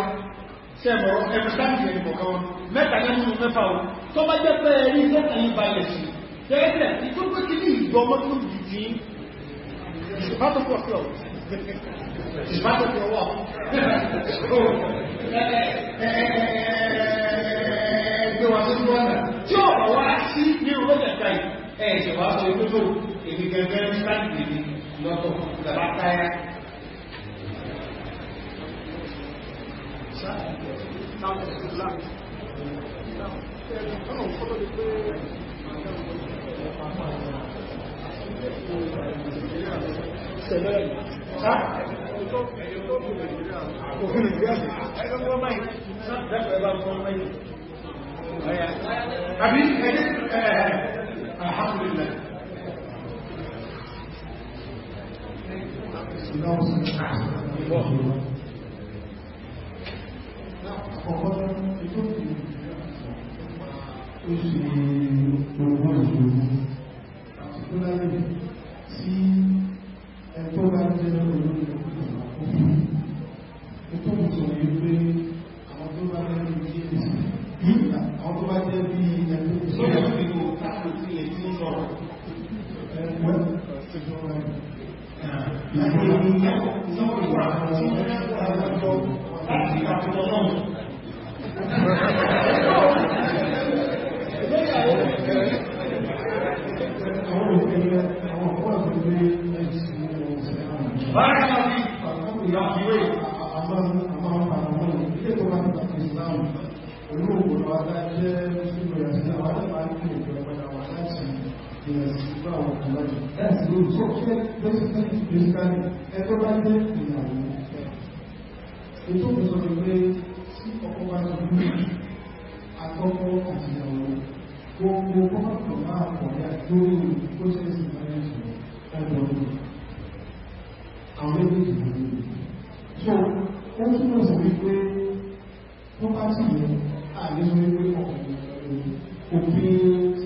sẹ́mọ̀ ẹ̀rù sáàmì ẹ̀rù mẹ́ta nínú mẹ́fà o tó bá jẹ́ pẹ́ ẹ̀rí mẹ́ta yìí balẹ̀ sí tẹ́ẹ̀tẹ̀ ìgbógbé kí ní ìgbọ́mọ́tò jù jí It's part of your work. so, ẹgbẹ́ wa sójú ọ̀nà tí ó bá wá sí ní ọlọ́jà táì ẹ̀ẹ̀sẹ̀ wá sọ ikú tó èmi gẹ́gẹ́ ní sáàdì èmi lọ́tọ̀ ìjọba táyà. Thank you àbí ẹ̀ẹ́ alhamdulillah Thank you. Ìjọba ìwà fún àwọn ọ̀kan láti láti ló tó kí lọ́sọ̀tún ìgbésíkálẹ̀ ẹgbẹ́ bá jẹ́ ìyàwó ètò ìsọ pé pé sí ọkọ̀ bá ti mú àtọ́kọ́ àti ìyàwó gbogbo kọ́kọ̀ máa pọ̀ ní àdóòrò process management ẹgbẹ́ ọdún àwọn ẹgbẹ́ ìgbìmọ̀ so ó túnmọ̀ sí wípé wọ́n bá ti yẹ àlejò ẹgbẹ́ ọkọ̀ òfin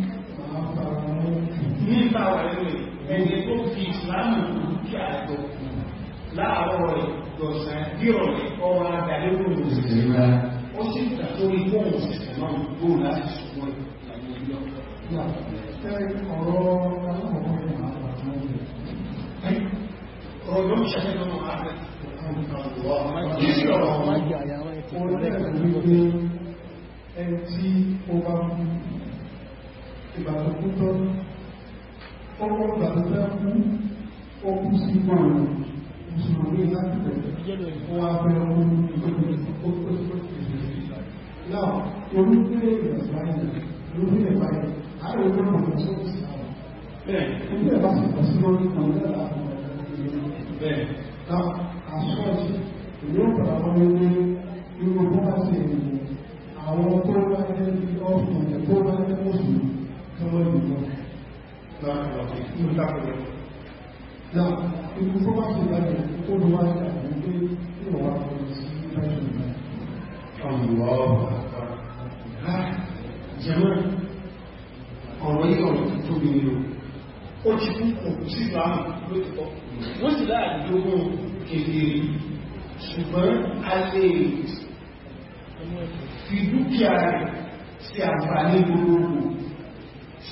nígbà wà nínú ẹni tó fi ìsìláàmù lókè àjọ láàárọ̀ ìjọsìn bí ọ̀rẹ́ ọwọ́ adàlérò ìrìnà ó sì gbà tó rí bóun ṣẹ̀ṣẹ̀ náà gbó láti ṣùgbọ́n ìlànà ìlú ọ̀rọ̀ ọ̀rọ̀ ló ń ṣẹ̀ṣẹ̀ lọ́nà ààrẹ ọ̀rọ̀ ọ̀rọ̀ ẹni tí ó bá mú ìgbà tó kú tọ́ ọkọ̀ ìgbà tó fẹ́ kú ọkú sí mọ́ọ̀lù mùsùlùmí láti bẹ̀rẹ̀ ó wá fẹ́ ọkú ìgbẹ́gbẹ̀ náà olùgbé ìgbàsíwáyé olùgbé ìgbàsíwáyé àrùn ìgbà mọ̀lẹ́ tó kù sí àwọn bẹ́ẹ̀ ilé ìbá sì pọ̀ sí lórí mọ̀lẹ́ àwọn bẹ́ẹ̀ náà àṣọ́ọ̀ṣì ìlú ọ̀pọ̀lọpọ̀ wọn ní irú bọ́ọ̀sì àwọn tó bá jẹ́ wọ́n lè mọ́ láàrín ìlú lápẹ̀lẹ̀. Náà, ikú tó bá ṣe láti ó lọ wá sí àwọn ilé tí wọ́n wá fún sí ìtọ́jú ìlú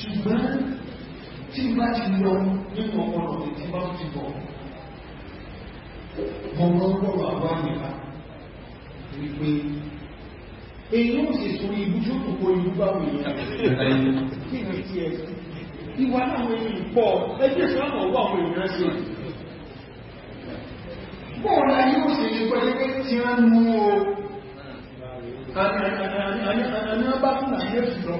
ṣùgbọ́n tí bá ti lọ nínú ọpọlọ mi tí bá ti bọ̀ mo mọ ọgbọ̀rọ̀ àwọn àmìlá wípé èyí ó sì sọ ibú tó kò kó ibú bá wù yẹn àwọn èèyàn sí ní tí wọ́n mú o àmì àmì àmì àmì àmì àmì àmì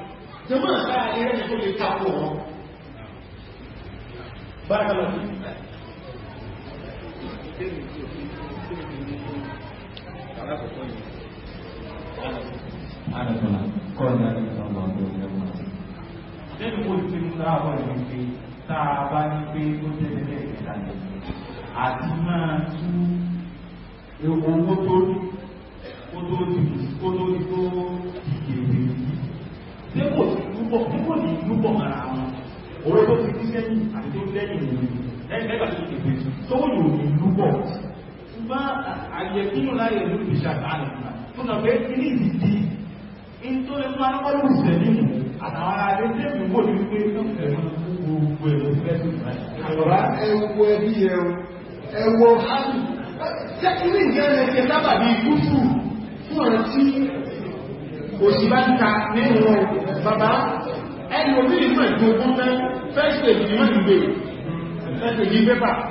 jẹ́mọ́ sáà eré ní tó lè tako wọn bákanà Adàkọ̀lá, kọ́ ní àríkà ọmọ ọmọ ìjọba. Lẹ́nu kò tí mú láàbọ̀ ìrìnfẹ́ tàà bá ní pé ó tẹ́lẹ̀ lẹ́ẹ̀kẹ́ àti máa tún yẹ̀kínú láyé ìlú fi ṣàkàlẹ̀ fún ọ̀pẹ́ ilé ìdí in tó lè fún anúkọ́lù ìṣẹ̀lẹ̀ àtàwọn ará ilé tẹ́bí wò ní pé gbogbo ẹ̀rọ fẹ́ sí ìgbà ẹwọ ẹbí ẹwọ ẹwọ tẹ́kìlì ìjẹ́ ẹ̀ṣẹ̀ sábà bí gúúsù fún ọ̀rọ̀ tí òṣì bá ń ta nínú bàbá ẹni omi ìgbẹ̀ ìgbogbo fẹ́ fẹ́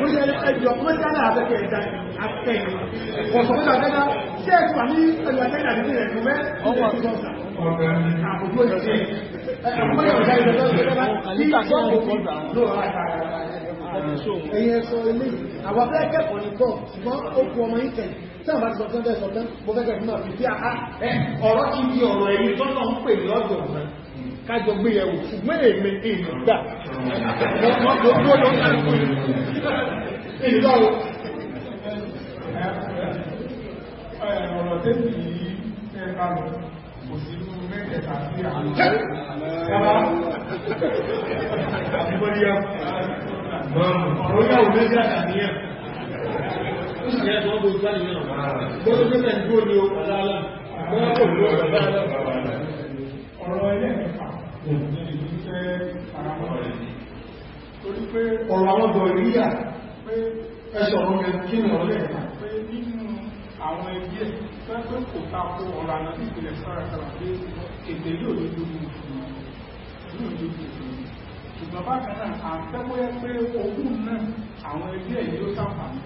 mo ní ẹjọ́ mọ́tálà abẹ́kẹ̀ ẹ̀dá akẹ́yìn ọ̀sọ̀ fún àgbẹ́dá tí ẹ̀ fà ní ẹjọ́ akẹ́yìn àdínkù rẹ̀ fún mẹ́ ọwọ́ àtúnṣà àkókò ìṣe ẹ̀kọ́ ìṣe ìṣe ẹ̀yẹ sọ ilé àwọn abẹ́rẹ́ kẹ́kọ̀ọ́ ní bọ́ ṣùgbọ́n ó kú ọmọ ìkẹ̀ tí àwọn àti sọ̀tún bẹ́ẹ̀ sọ̀tún mo fẹ́ kẹ́kọ̀ọ́ náà fi bí ọ̀rọ̀ ti di ọ̀rọ̀ ẹ̀yìn tọ́lọ̀ ń pè lọ́dọ̀ ọ̀rẹ́ kájọ gbé ẹ̀wò ṣùgbọ́n èmì ìgbà ọ̀rọ̀ tẹ́bì yìí ẹ̀bá lọ kò sí inú mẹ́tẹ̀ẹ̀ta sí àwọn àbíbọ́díyà ọ̀rọ̀ yàwó mẹ́tẹ̀ẹ̀ta ní ẹ̀ ó sì yẹ́ ẹ̀gbọ́n gbogbo àníyàn gbogbo mẹ́tẹ̀ẹ̀ta ní ó ọ̀rọ̀ ẹlẹ́ẹ̀kẹfà torí pé ọ̀rọ̀ àwọn dọ̀ríyà pé ẹṣọ̀ ọ̀rọ̀ rẹ̀ kí ni ọ̀rọ̀ lẹ́ẹ̀ta pé nínú àwọn ẹbí ẹ̀ pẹ́pẹ́ kò tako ọ̀rọ̀ àná sí ìpìlẹ̀ sárasára pé èdè yóò lè lórí ìfìmọ̀ yóò lè lórí ìfìmọ̀ ṣùgbọ́n bákan náà àtẹ́wọ́yẹ́ pé ogún náà àwọn ẹbí ẹ̀ yóò sàǹfààní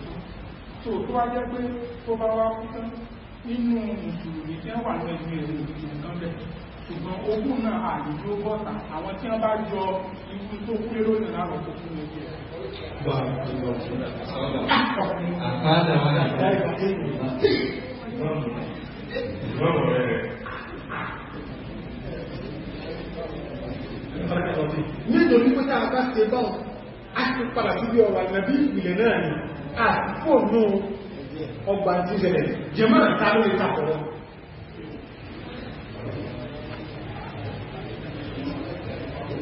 tó tó wá jẹ́ pé tó bá wá ṣùgbọ́n ogún náà àyè ló bọ́ta àwọn tí wọ́n bá yọ ikú tó kú lérò ní láàrọ̀ tó kú lójú ẹ̀. nítorí pé tá a bá ṣe báwọn a ti padà síbi ọ̀rọ̀ àgbẹ̀bí ìpìlẹ̀ náà ni àti fóònù ọgbà tí ìṣẹ̀lẹ̀ jẹ́mọ́ àtàlórí tàkọ̀rọ̀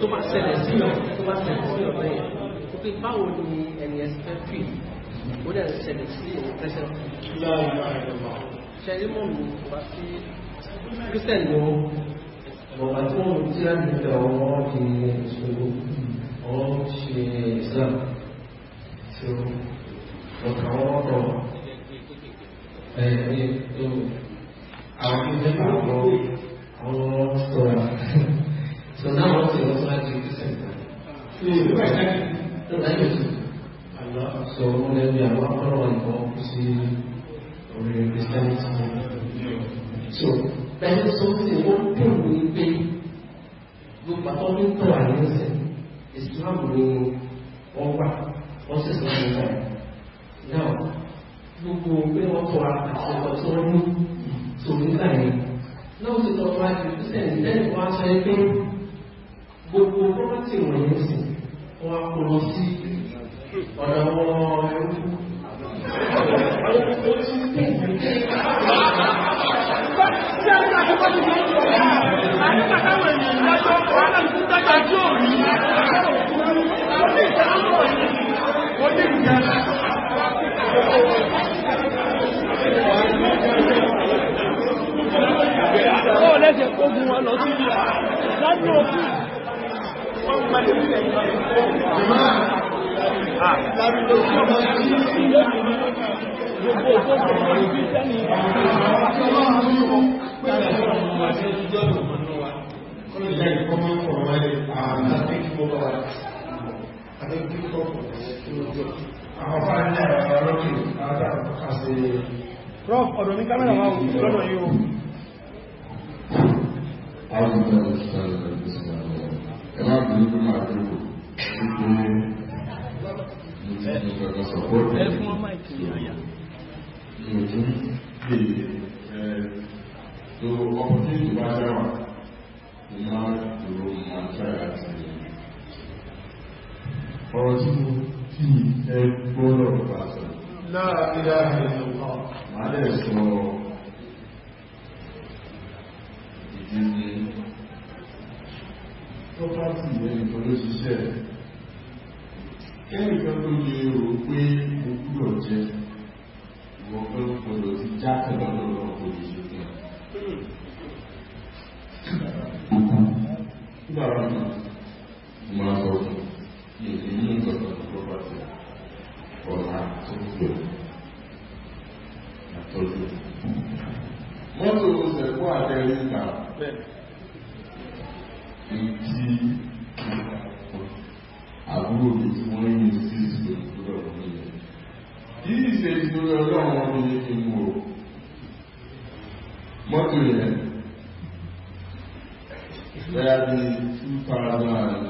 tó bá ṣẹlẹ̀ sí yàn tó bá ṣẹlẹ̀ sí yàn bẹ́ẹ̀ ó fi báwo ni ẹni ẹsẹ̀ fẹ́ ó dẹ̀ ṣẹlẹ̀ sí òun ṣẹlẹ̀ mọ̀ mi wá sí Christian ni ó tí wọ́n ti á ti fẹ́ ọmọ ṣe ìṣòro ọmọ ṣe Islam tí ó ọ̀kà wọn kọ̀ ẹ̀ẹ́dẹ́gbẹ̀ẹ́ àwọn ìjọba àwọn ọmọ sọ̀rọ̀ So now what they also like is this and that. Hmm. No, that is Allah. So then we are one for one for see or Christianity. So that is something one thing we pay. Look, but only to our reason. Islam will over. What's Islam over? Now, gbogbo pé wọ́n tọ́ àti ọ̀tọ̀ tó ń mú tòun nígbà yẹn. Náà ó ti tọ́ fún àti Christian, ìtẹ́nìkan á sọ ẹgbẹ́ gbogbo pọ́pọ́tì wọ̀nyí sí wọ́n kò sí ọ̀nà wọn ẹrú Ó lẹ́sẹ̀ kó gún wọn lọ sí Prof, ọ̀dọ̀ ní kámẹ́rà máa wù lọ́dọ̀ yóò ẹ má bìí fún máa tó kò tó ní ọ̀pọ̀ sọ̀pọ̀ tó ní òtún lè ẹ tó opportunity bá dáwà mo máa dúró mo máa try láti ọ̀rọ̀ tí mo kí ẹ gbọ́dọ̀ bá sọ láàrín àárín ìlú máa lè sọ ìdí property yẹn nìkan ló ṣiṣẹ́ rẹ̀ tó lè rò pé mo kúrò jẹ ìwọ̀n kan gbọdọ̀ ti já kẹlọ lọ́wọ́ kò lè ṣe kẹ́ nígbà wọn ni mo ìgbà èyí tí àbúrò mi tí wọ́n ń yin sí ìṣòro tó lọ́wọ́ nílẹ̀. Yìí ṣe ìṣòro ọlọ́run wọn ní ìmú o. Mọ́tò yẹn bẹ́ẹ̀ bí two thousand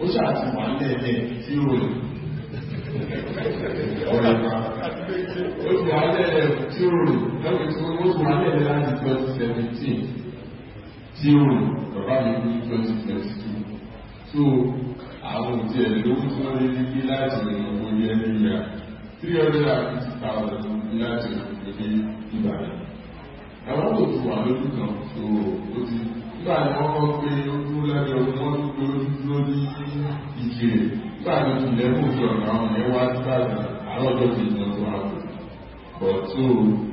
ó ṣàtìwọ́n lẹ́yìn tí ó rìn ọ̀rọ̀ ìpa. Ó ti wà lẹ́lẹ̀ tí ó rò lọ́pẹ̀ tí ó wà lẹ́lẹ̀ láti 2017 tí ó rò. February 2022. So, àwọn òtí ẹ̀ ló fún wọ́n lé ní láti ìrìnàmò yẹ ní ìyá 350,000 ní láti ìrìnàmò ní Ìbàdàn. Àwọn tó ti wà lójú kan tó ó ti nígbà ní wọ́n kọ́ pé ó dúró lábẹ́ ọdún wọ́n tó dúró ní ìjìnlẹ̀ nígbà ní ìlẹ́kùn fi ọ̀nà àwọn ẹ̀ wá sí àwọn ọjọ́ kejì náà tó wà pọ̀. Bọ̀ tó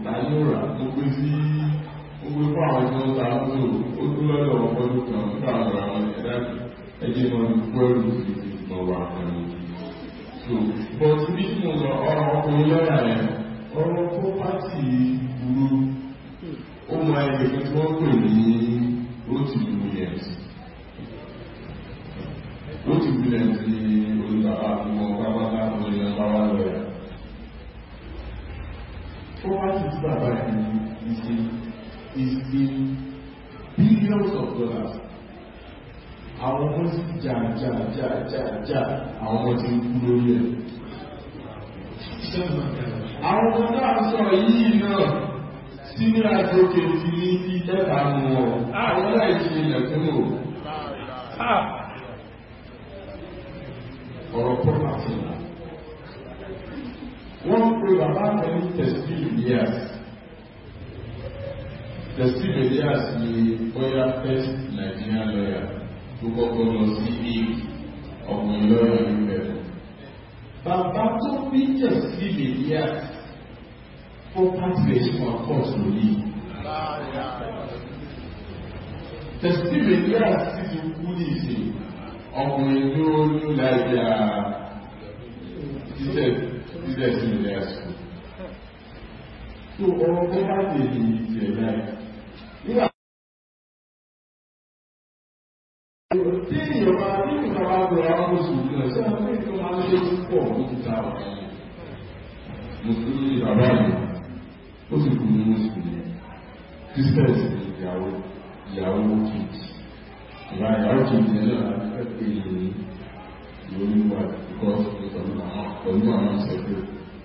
ta ní rà ó pé sí gbogbo fún àwọn ìjọ ta ló ó tó lọ́dọ̀ wọn pẹ̀lú kan láàrin àwọn ẹ̀dá ẹjẹ́ wọn ní pẹ́lú ìgbìmọ̀ wà kan so but bí mo sọ ọ̀rọ̀ ọkùnrin lọ́dà yẹn ọ̀rọ̀ tó pàtì burú ó mọ ẹgbẹ́ tí wọ́n pè ní rotì williams rotì williams ni olùbàbà àbúmọ̀ pápá láàrin ìlànà wà lọ́yà ó pàtì sí bàbá been billions of dollars àwọn ọmọ ti jà jà jà jà jà àwọn ọmọ ti kú lórí ẹ̀ àwọn ọmọ náà sọ̀rọ̀ yìí náà sínú àti òkè ti ní bí lẹ́bà mú ọ àwọn láìsí ilẹ̀kùn ò ọ̀rọ̀ pọ́pàtì wọ́n pe bàbá àtẹ́lú tẹ̀sí ìyẹ́sì Justice Medias ni bóyá first Nigerian lawyer tó kọ́kọ́ lọ sí ilé ọmọ lọ́yà níbẹ̀. Bàbá tó bí Justice Medias property rate fún account lórí. Justice Medias sì ti kú ní ìsìn ọkùnrin tó ní láìjà jíjẹ́ jíjẹ́ sí Medias. So ọ̀rọ̀ tó bá lè ní ìjẹ̀ láìpẹ́. ìta mùsùlùmí ni bàbá mi ó sì kú ní mùsùlùmí christians ni ìyàwó ìyàwó kejì ìyá ìyàwó kejì náà ẹgbẹ́ ìlú lórí wà kọ́ ìtọ́nù àwọn pẹ̀lú àwọn ìṣẹ́jú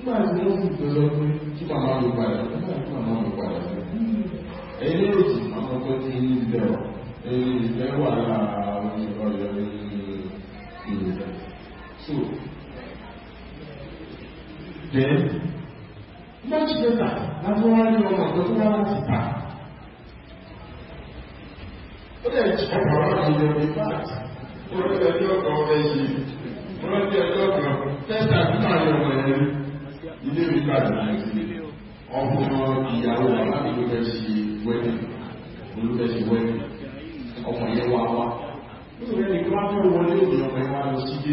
nígbà tí wọ́n sì tó sọ pé kí màmá mi padà nígbà tí màmá mi padà sí ẹ̀yìn lóòjì àwọn ọkọ̀ tí ní ìdẹ̀wọ̀ ẹ̀yìn ìdẹ̀wọ̀ ara àwọn ìrọ̀lẹ́ ìrìnlẹ̀ so Then, much better, that's why you are the one to start. Ó lè jẹ́ ọ̀rọ̀ ìyẹn ní báyìí, ó lè jẹ́ ọ̀rọ̀ ẹ̀yìn, ó lè jẹ́ ọ̀rọ̀ tẹ́tà tí máa yọ ọmọ ẹ̀rí ilé ìgbà ìrìnàjò ọmọ ìyàwó aláàbí ló fẹ́ ṣe wẹ́ẹ̀dì, olùfẹ́ ṣe wẹ́ẹ̀dì, ọmọ yẹn wá wá. Ó lè ní kí wọ́n fẹ́ wọlé òbí ọmọ ẹ̀wá lọ sí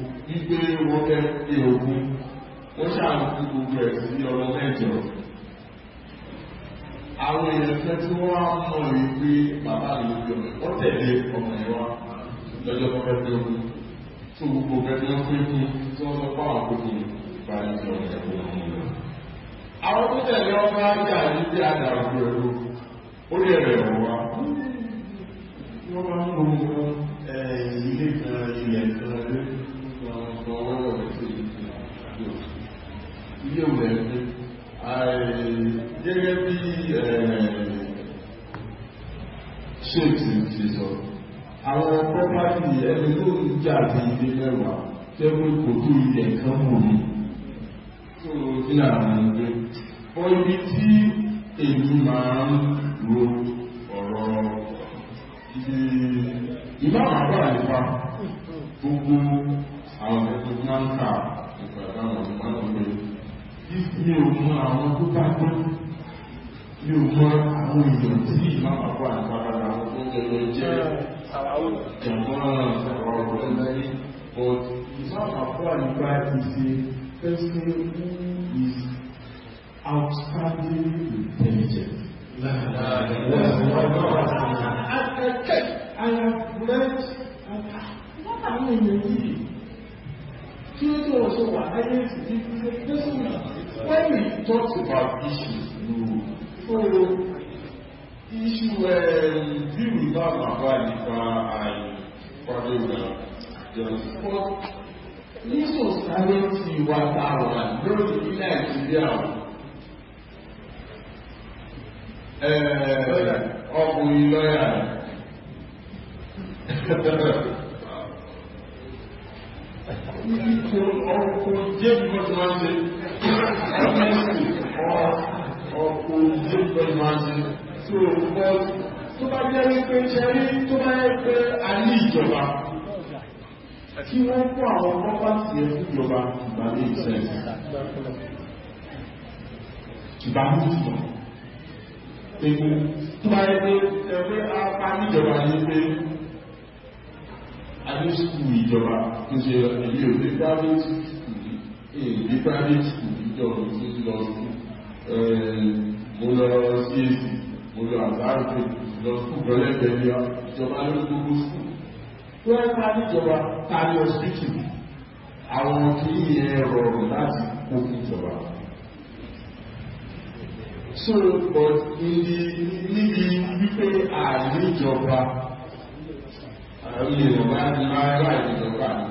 wípé wọ́n fẹ́ pé ogun ó ṣàǹkú gbogbo ẹ̀ sí ọmọ mẹ́jọ àwọn èèyàn fẹ́ tí wọ́n á mọ̀ rí pé bàbá mi ló fi ó tẹ̀lé ọmọ ẹ̀ wá lọ́jọ́ fẹ́ pé ogun tó gbogbo ọ̀gá tí wọ́n pé kí tí wọ́n sọ fún àwọn akókò ìbára ti ọmọ ẹ̀ tó wọ́n mú lọ. àwọn tó tẹ̀lé ọmọ ajá ní bí adàrú ẹ̀rọ ó lè rẹ̀ wá wọ́n máa ń lo eh, ilé kan ilẹ̀ kan lórí ilé òun ẹ̀gbẹ́ gẹ́gẹ́ bí ṣéèkì ti sọ àwọn pọ́pátì ẹni tó ń jà sí ilé mẹ́wàá tẹ́ pé kò tó ilẹ̀ kan mú mi tó ní àwọn ẹgbẹ́ ọ ibi tí èyí máa ń lo ọ̀rọ̀ ìmáàmù àbáyé pa gbogbo àwọn ẹgbẹ́ máa ń kà á mi ò mọ àwọn tó bá gbọ́ mi ò mọ àwọn èèyàn tí ìmá bàbá àgbàlagbà àwọn tó ń jẹjọ jẹ́ jẹ̀mọ́ ọ̀rọ̀ ọ̀gbọ́n láyé but ìmá bàbá àgbà ìṣe person who is outstanding intelligent. I have learned àwọn èèyàn yìí kí ó tó wọ́n ṣe wà láyé ìdí ìpínlẹ̀ pẹ́sùn náà when we talk about issues, so issue bí um, we bá bàbá nípa àìpàdé ìgbà jẹun fọ́ ní sòsáré ti wà táwà lórí ní nàìjíríà eh, eh, ọkùnrin lọ́yà Nítorí ọkùnrin jẹ́ bí wọ́n ti máa ń ṣe chemistry or or conjugate magic so but tó bá jẹ́ wípé ṣẹ́rí tó bá yẹ pé a ní ìjọba tí wọ́n kó àwọn property ẹ̀ fún ìjọba ìgbà ní ìṣẹ́ ìgbà ní ìjọba ewu tó bá yẹ pé ẹgbẹ́ apá níjọba ní pé adé sùkúù ìjọba ń ṣe èyí ò ní private school èyí private school ìjọ mi tí lọ sí eh, mo lọ sí èsì mo lọ àbáàrùkù lọ sí ìgbọ́lẹ́gbẹ̀ ní ìjọba ló gbogbo sí tó ẹ ká níjọba tàbí ọ̀sìtì àwọn kìí yẹn rọrùn láti kó ìjọba so but níbi wípé àìníjọba àwọn èèyàn bá ní máa ń wá ìjọba ní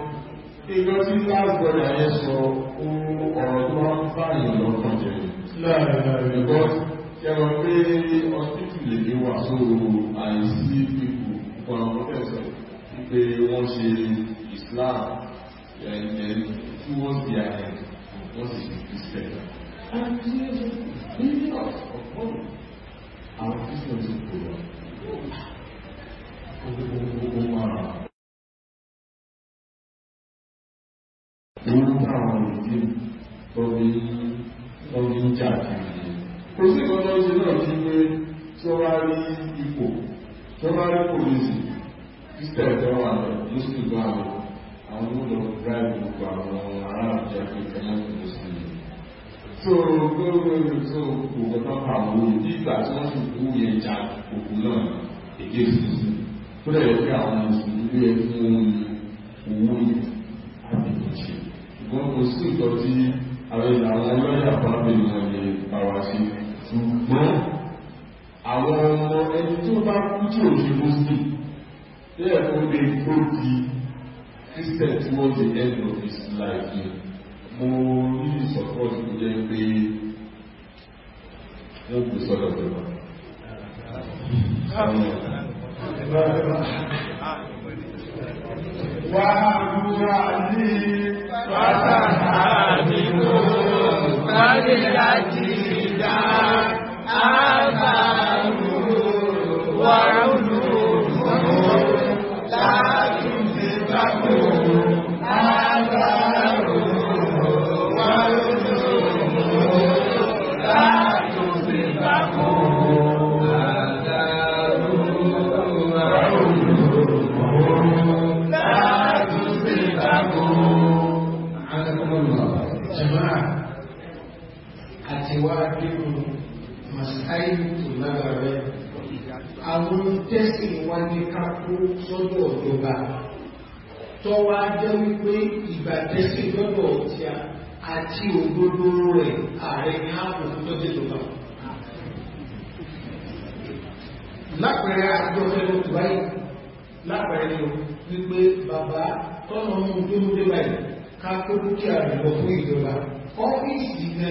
ìjọ tí last brother yẹn sọ ohun ọ̀rọ̀ tó wọ́n ń fààyàn lọ́kàn jẹ́ láàrin ẹ̀rọ pé hospital lè ní wà sóòrò àìsí pípò ọ̀nà pọ́tẹ̀sọ̀ wípé wọ́n ṣe Islam ẹ̀yẹ̀ tí wọ́n sì ààrẹ wọ́n sì fi Christian àwọn Christian ti kò lọ lórúkọ àwọn òdìdí orí orí ń jà kiri kò sí ìkọjọ́ ṣe náà sí pé tí ó bá rí ipò tí ó bá rí pòlìsì kírísítẹ̀ tó wà lọ mùsùlùmí tó wà lọ àwọn olùdó dráìbì gbogbo àwọn ará àti àfihàn ẹ̀yà kò sí i tó gbogbo tó gbogbo tó pa àwọn olùdí ìgbà tí wọ́n sì kú yẹn jà òkú náà èdè sí i tó dẹ̀ yẹ kí àwọn mùsùlùmí yẹ fún owó yẹn wọn kò sí nǹkan tí àwọn ìlànà lọ́yà bá bèèrè lè bàwà sí ṣùgbọ́n àwọn ọmọ ẹni tó bá kú tí ò ṣe mọ́sí lẹ́yẹ̀ kó lè tó di christian towards the end of his life mo ní ìsọ̀kọ́ tó jẹ́ pé wọ́n kò sọ́dọ̀ pẹ̀lú وعلي àti òdodo rẹ̀ ààrẹ ní ààbò fún lọ́jọ́ tó bá. lápẹẹrẹ àjọ ẹ̀rọ tó báyìí lápẹẹrẹ lọ wípé bàbá tọ́nà mú tó ń dé báyìí ká tó dúkìá rẹ̀ lọ fún ìjọba ọ́fíìsì ìgbà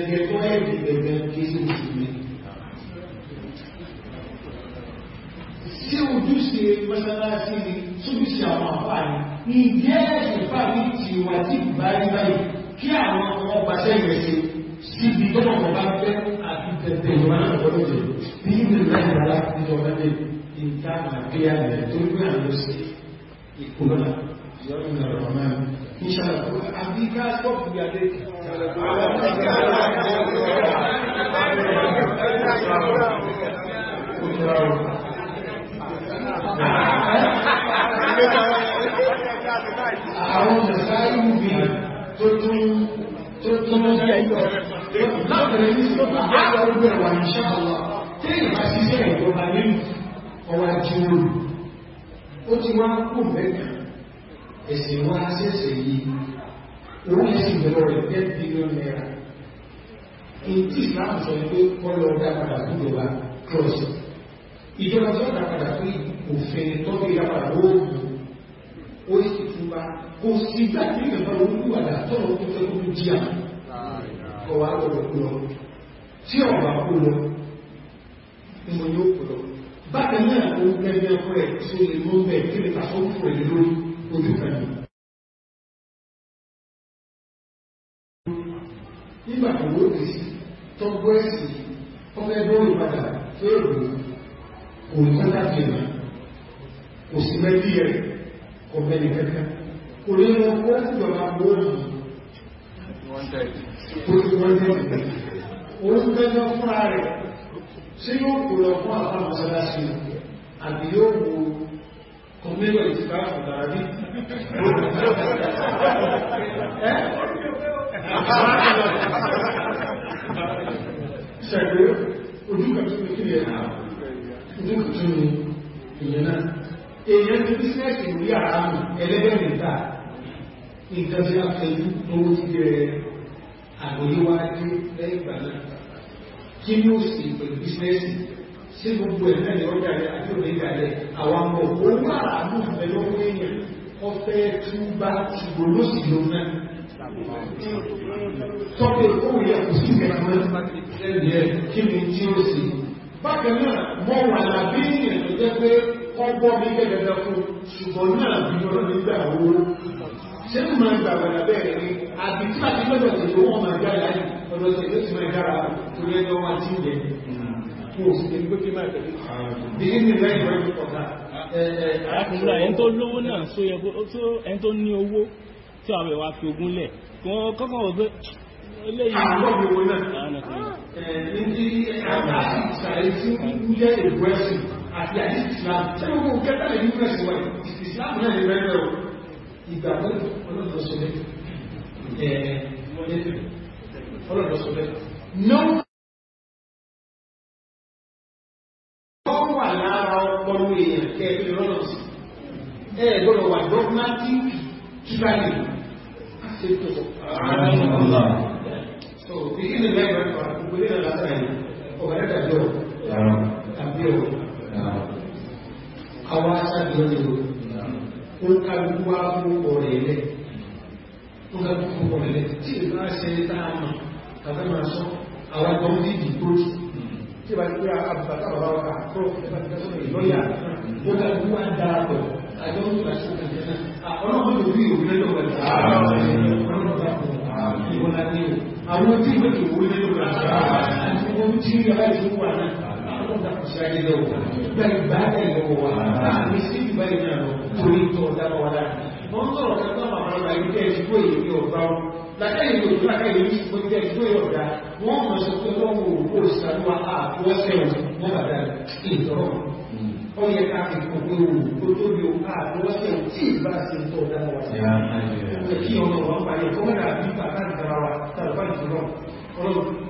ṣe ìrẹsì síbi tó mọ̀ bá fẹ́ àti tẹ̀tẹ̀ ìwọ̀n àgbọ̀dọ̀ jẹ̀ bí i nìlá ìdára ìjọba lè ìta àgbéyà rẹ̀ tó gbé àwọn sí ìkòlọ́nà ìyọ́nù ìrọ̀rọ̀ náà ìṣàlọ̀ àbí ká sọ́ọ̀bù yàdé àwọn ìṣàlọ̀ tó tún tó tó ló jẹ́ yọ lábẹ̀rẹ̀ ní tó tó jẹ́ yọ rúgbẹ̀ wà ní ṣàkọlọ tí ìgbà síṣẹ́ ìjọba nínú ọwà jíròrò ó ti wá kú mẹ́ta ẹ̀sìn wá sẹ́sẹ̀ yìí owó ẹ̀sìn ìjọba rẹ̀ fẹ́ bílíọ̀ náírà èyí tí ìsìláàmù sọ pé wọ́n lọ dá padà fún ìjọba kírọ̀sì ìjọba tó dá padà fún òfin tó fi dá padà lóògùn ó sì tún bá kò sí gbàgbé ìgbà olúwàdà tọ́rọ tó fẹ́ kó jí à ọwà ọ̀rọ̀ kú lọ tí ọ̀rọ̀ kú lọ ìmọ̀ yóò kú lọ bákan náà ó gẹ́gẹ́ ọkọ̀ ẹ̀ tí ó lè mú bẹ́ẹ̀ kí lè pàṣọ fún ẹ̀ lórí ojú kan ní nígbà tó wó ti sí tọ́gbọ́ ẹ̀sì ọmọ ẹgbẹ́ olùpadà tó èrò kò ní kọ́tà jìnnà kò sí mẹ́bí ẹ̀ kò mẹ́ni kẹ́kẹ́ kò ní mú ó sì jọba owó yìí orúkẹ́jọ́ fúnra rẹ̀ sí yóò kò lọ fún àpamọ̀sálásí àbí yóò wo kọmílọ̀ ìtìká ọ̀dàrí ṣẹ̀gbẹ́ ojúkàtúnmí kí lè náà ojúkàtúnmí ìyẹn náà èèyàn ti bísínẹ́sì ìwúrí àrámù ẹlẹ́gbẹ̀rẹ̀ nǹkan bí àtẹ̀jú tó ti bẹ̀rẹ̀ àgbòyíwá dé lẹ́yìn ìgbà náà kí ni ó sì pẹ̀lú bísínẹ́sì sí gbogbo ẹ̀ náà ni ó dàrẹ àti òní dàrẹ àwọn ọmọ òun àràánú ẹlọ́wọ́ èèyàn ọfẹ́ túbá ṣùgbọ́n ló sì lò náà tọ́pẹ́ òun yẹ kò sí ìgbàmọ́ lẹ́yìn ẹ̀ kí ni tí ó sì bákan náà mọ́ wà lábí èèyàn tó jẹ́ pé ọgbọ́n mi gẹ́gẹ́ fún ṣùgbọ́n náà bí ọlọ́dún gbà ṣé mo máa gbàgbà lábẹ́rẹ́ ni àbí tí àti lọ́dọ̀ tí ó wọ́n máa gbá láyé ọ̀dọ̀ tí ó ti máa dára torí ẹgbẹ́ wọn ti yẹ kó o sì lè gbé kí máa tẹ̀lé. Bíyí ni lẹ́yìn rẹ̀ ń kọ̀ọ̀ta. Àkùnrin ẹni tó lówó náà só yẹ kó ẹni tó ní owó tí àwọn ẹ̀wà fi ogún lẹ̀ kí wọ́n kọ́kọ́ wọ́n pé eléyìí. Àwọn ìwé náà ah, ní ti àgbàsí ìsàlẹ̀ tí ó jẹ́ ìwẹ́sìn àti àti ìsìlámù ìgbà tó olóòtọ́sọ̀lẹ̀ ẹ̀ mọ́lẹ́tẹ̀ olóòtọ́sọ̀lẹ̀ náà wọ́n wà lára ọpọlọ èèyàn kẹ́ẹ̀kẹ́ lọ́nà sí ẹ̀ gbọ́dọ̀ wà dọ́gbọ́nátìkì kí bá lè ṣe tó so bí ilé mẹ́rin wà gbogbo ilé lásán yìí ọ̀gá dàbí O kálukú wá fúnpọ̀ rẹ̀ lẹ̀ wọn kálukú fúnpọ̀ rẹ̀ lẹ̀ tí ìlú bá ṣe tá a mọ̀ tàbí máa sọ àwọn ẹgbẹ́ wọn dìdì tó tù tí ìbá ti ra àbùkátà bàbá wa kà tó ìbá ti fẹ́ sọ̀rọ̀ ìlọ́yà wọn kálukú wá dára pọ̀ àjọ ń gbà sí ìgbà náà ọlọ́run ló bí òun lẹ́yìn ọ̀gbà tí àwọn tí wọ́n ti rí ọ̀rẹ́ ìṣòwò náà ọlọ́dà kò sí ayé lọ́wọ́ gba ìgbàlẹ̀ lọ́wọ́ wa àmì sí ìgbàlẹ̀ náà lọ torí tọ́ dára wa dára wọ́n sọ̀rọ̀ kan náà màmá ọ̀la yìí tẹ́ ìdúgbò èyí ní ọ̀gá ọ lákàyè ní òkú lákàyè ní ìsìnkú tẹ́ ìdúgbò èyí ọ̀gá wọ́n mọ̀ sọ pé wọ́n wò ó ìsàlùwà àkọọ́sẹ̀ wọn bàdà ìtọ́ ó yẹ ká fi kòkó ewu tó tóbi o ká àtọwọ́sẹ̀ tí ìbá ṣe ń tọ́ dára wa sí i kí ọmọ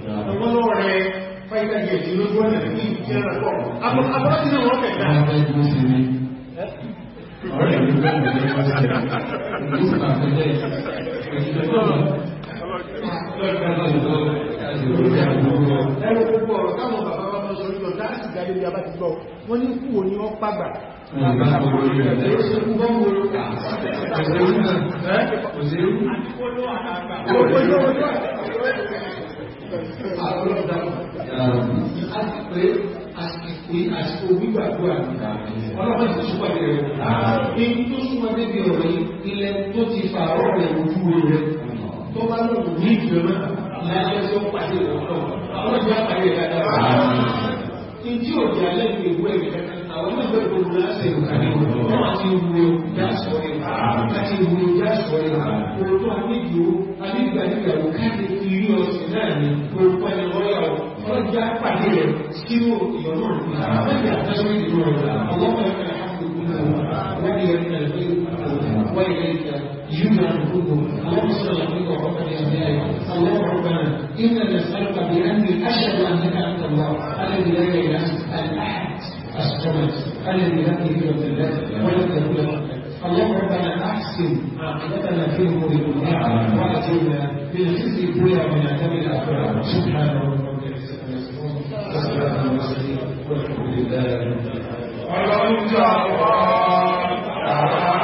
Ìgbọ́nà rẹ̀ fáìtà yẹ̀ tí ló gbọ́nà ní ìjẹ́rẹ̀ pọ̀. Àbúrá tí náà wọ́n kẹta. Ọ̀rẹ́ ìgbẹ́gbẹ́ wọ́n ní kú o ní wọ́n pàgbà Òṣèrú àwọn ọlọ́dà àtìpé àsìkò àsìkò gbígbàdúrà ọlọ́pàá ti súnmọ́ ní rẹ̀ èyí tó súnmọ́ débi ọ̀rọ̀ yìí ilẹ̀ tó ti fa ọ̀rọ̀ rẹ̀ ojú rẹ̀ tó bá lọ́wọ́ ní ìjọba láyé tó pàṣẹ ìrọ̀lọ́wọ́ àwọn ìjọba pàṣẹ ìrọ̀lọ́wọ́ إنا نسألك بأن أشهد أنك أنت الله الذي لا إله إلا أنت الأحد الصمد الذي لم يكن الله ولم يكن له اللهم ربنا احسن عاقبتنا في امور الدنيا واجرنا من خزي الدنيا ومن عذاب الاخره سبحان ربك رب العزه والحمد لله رب العالمين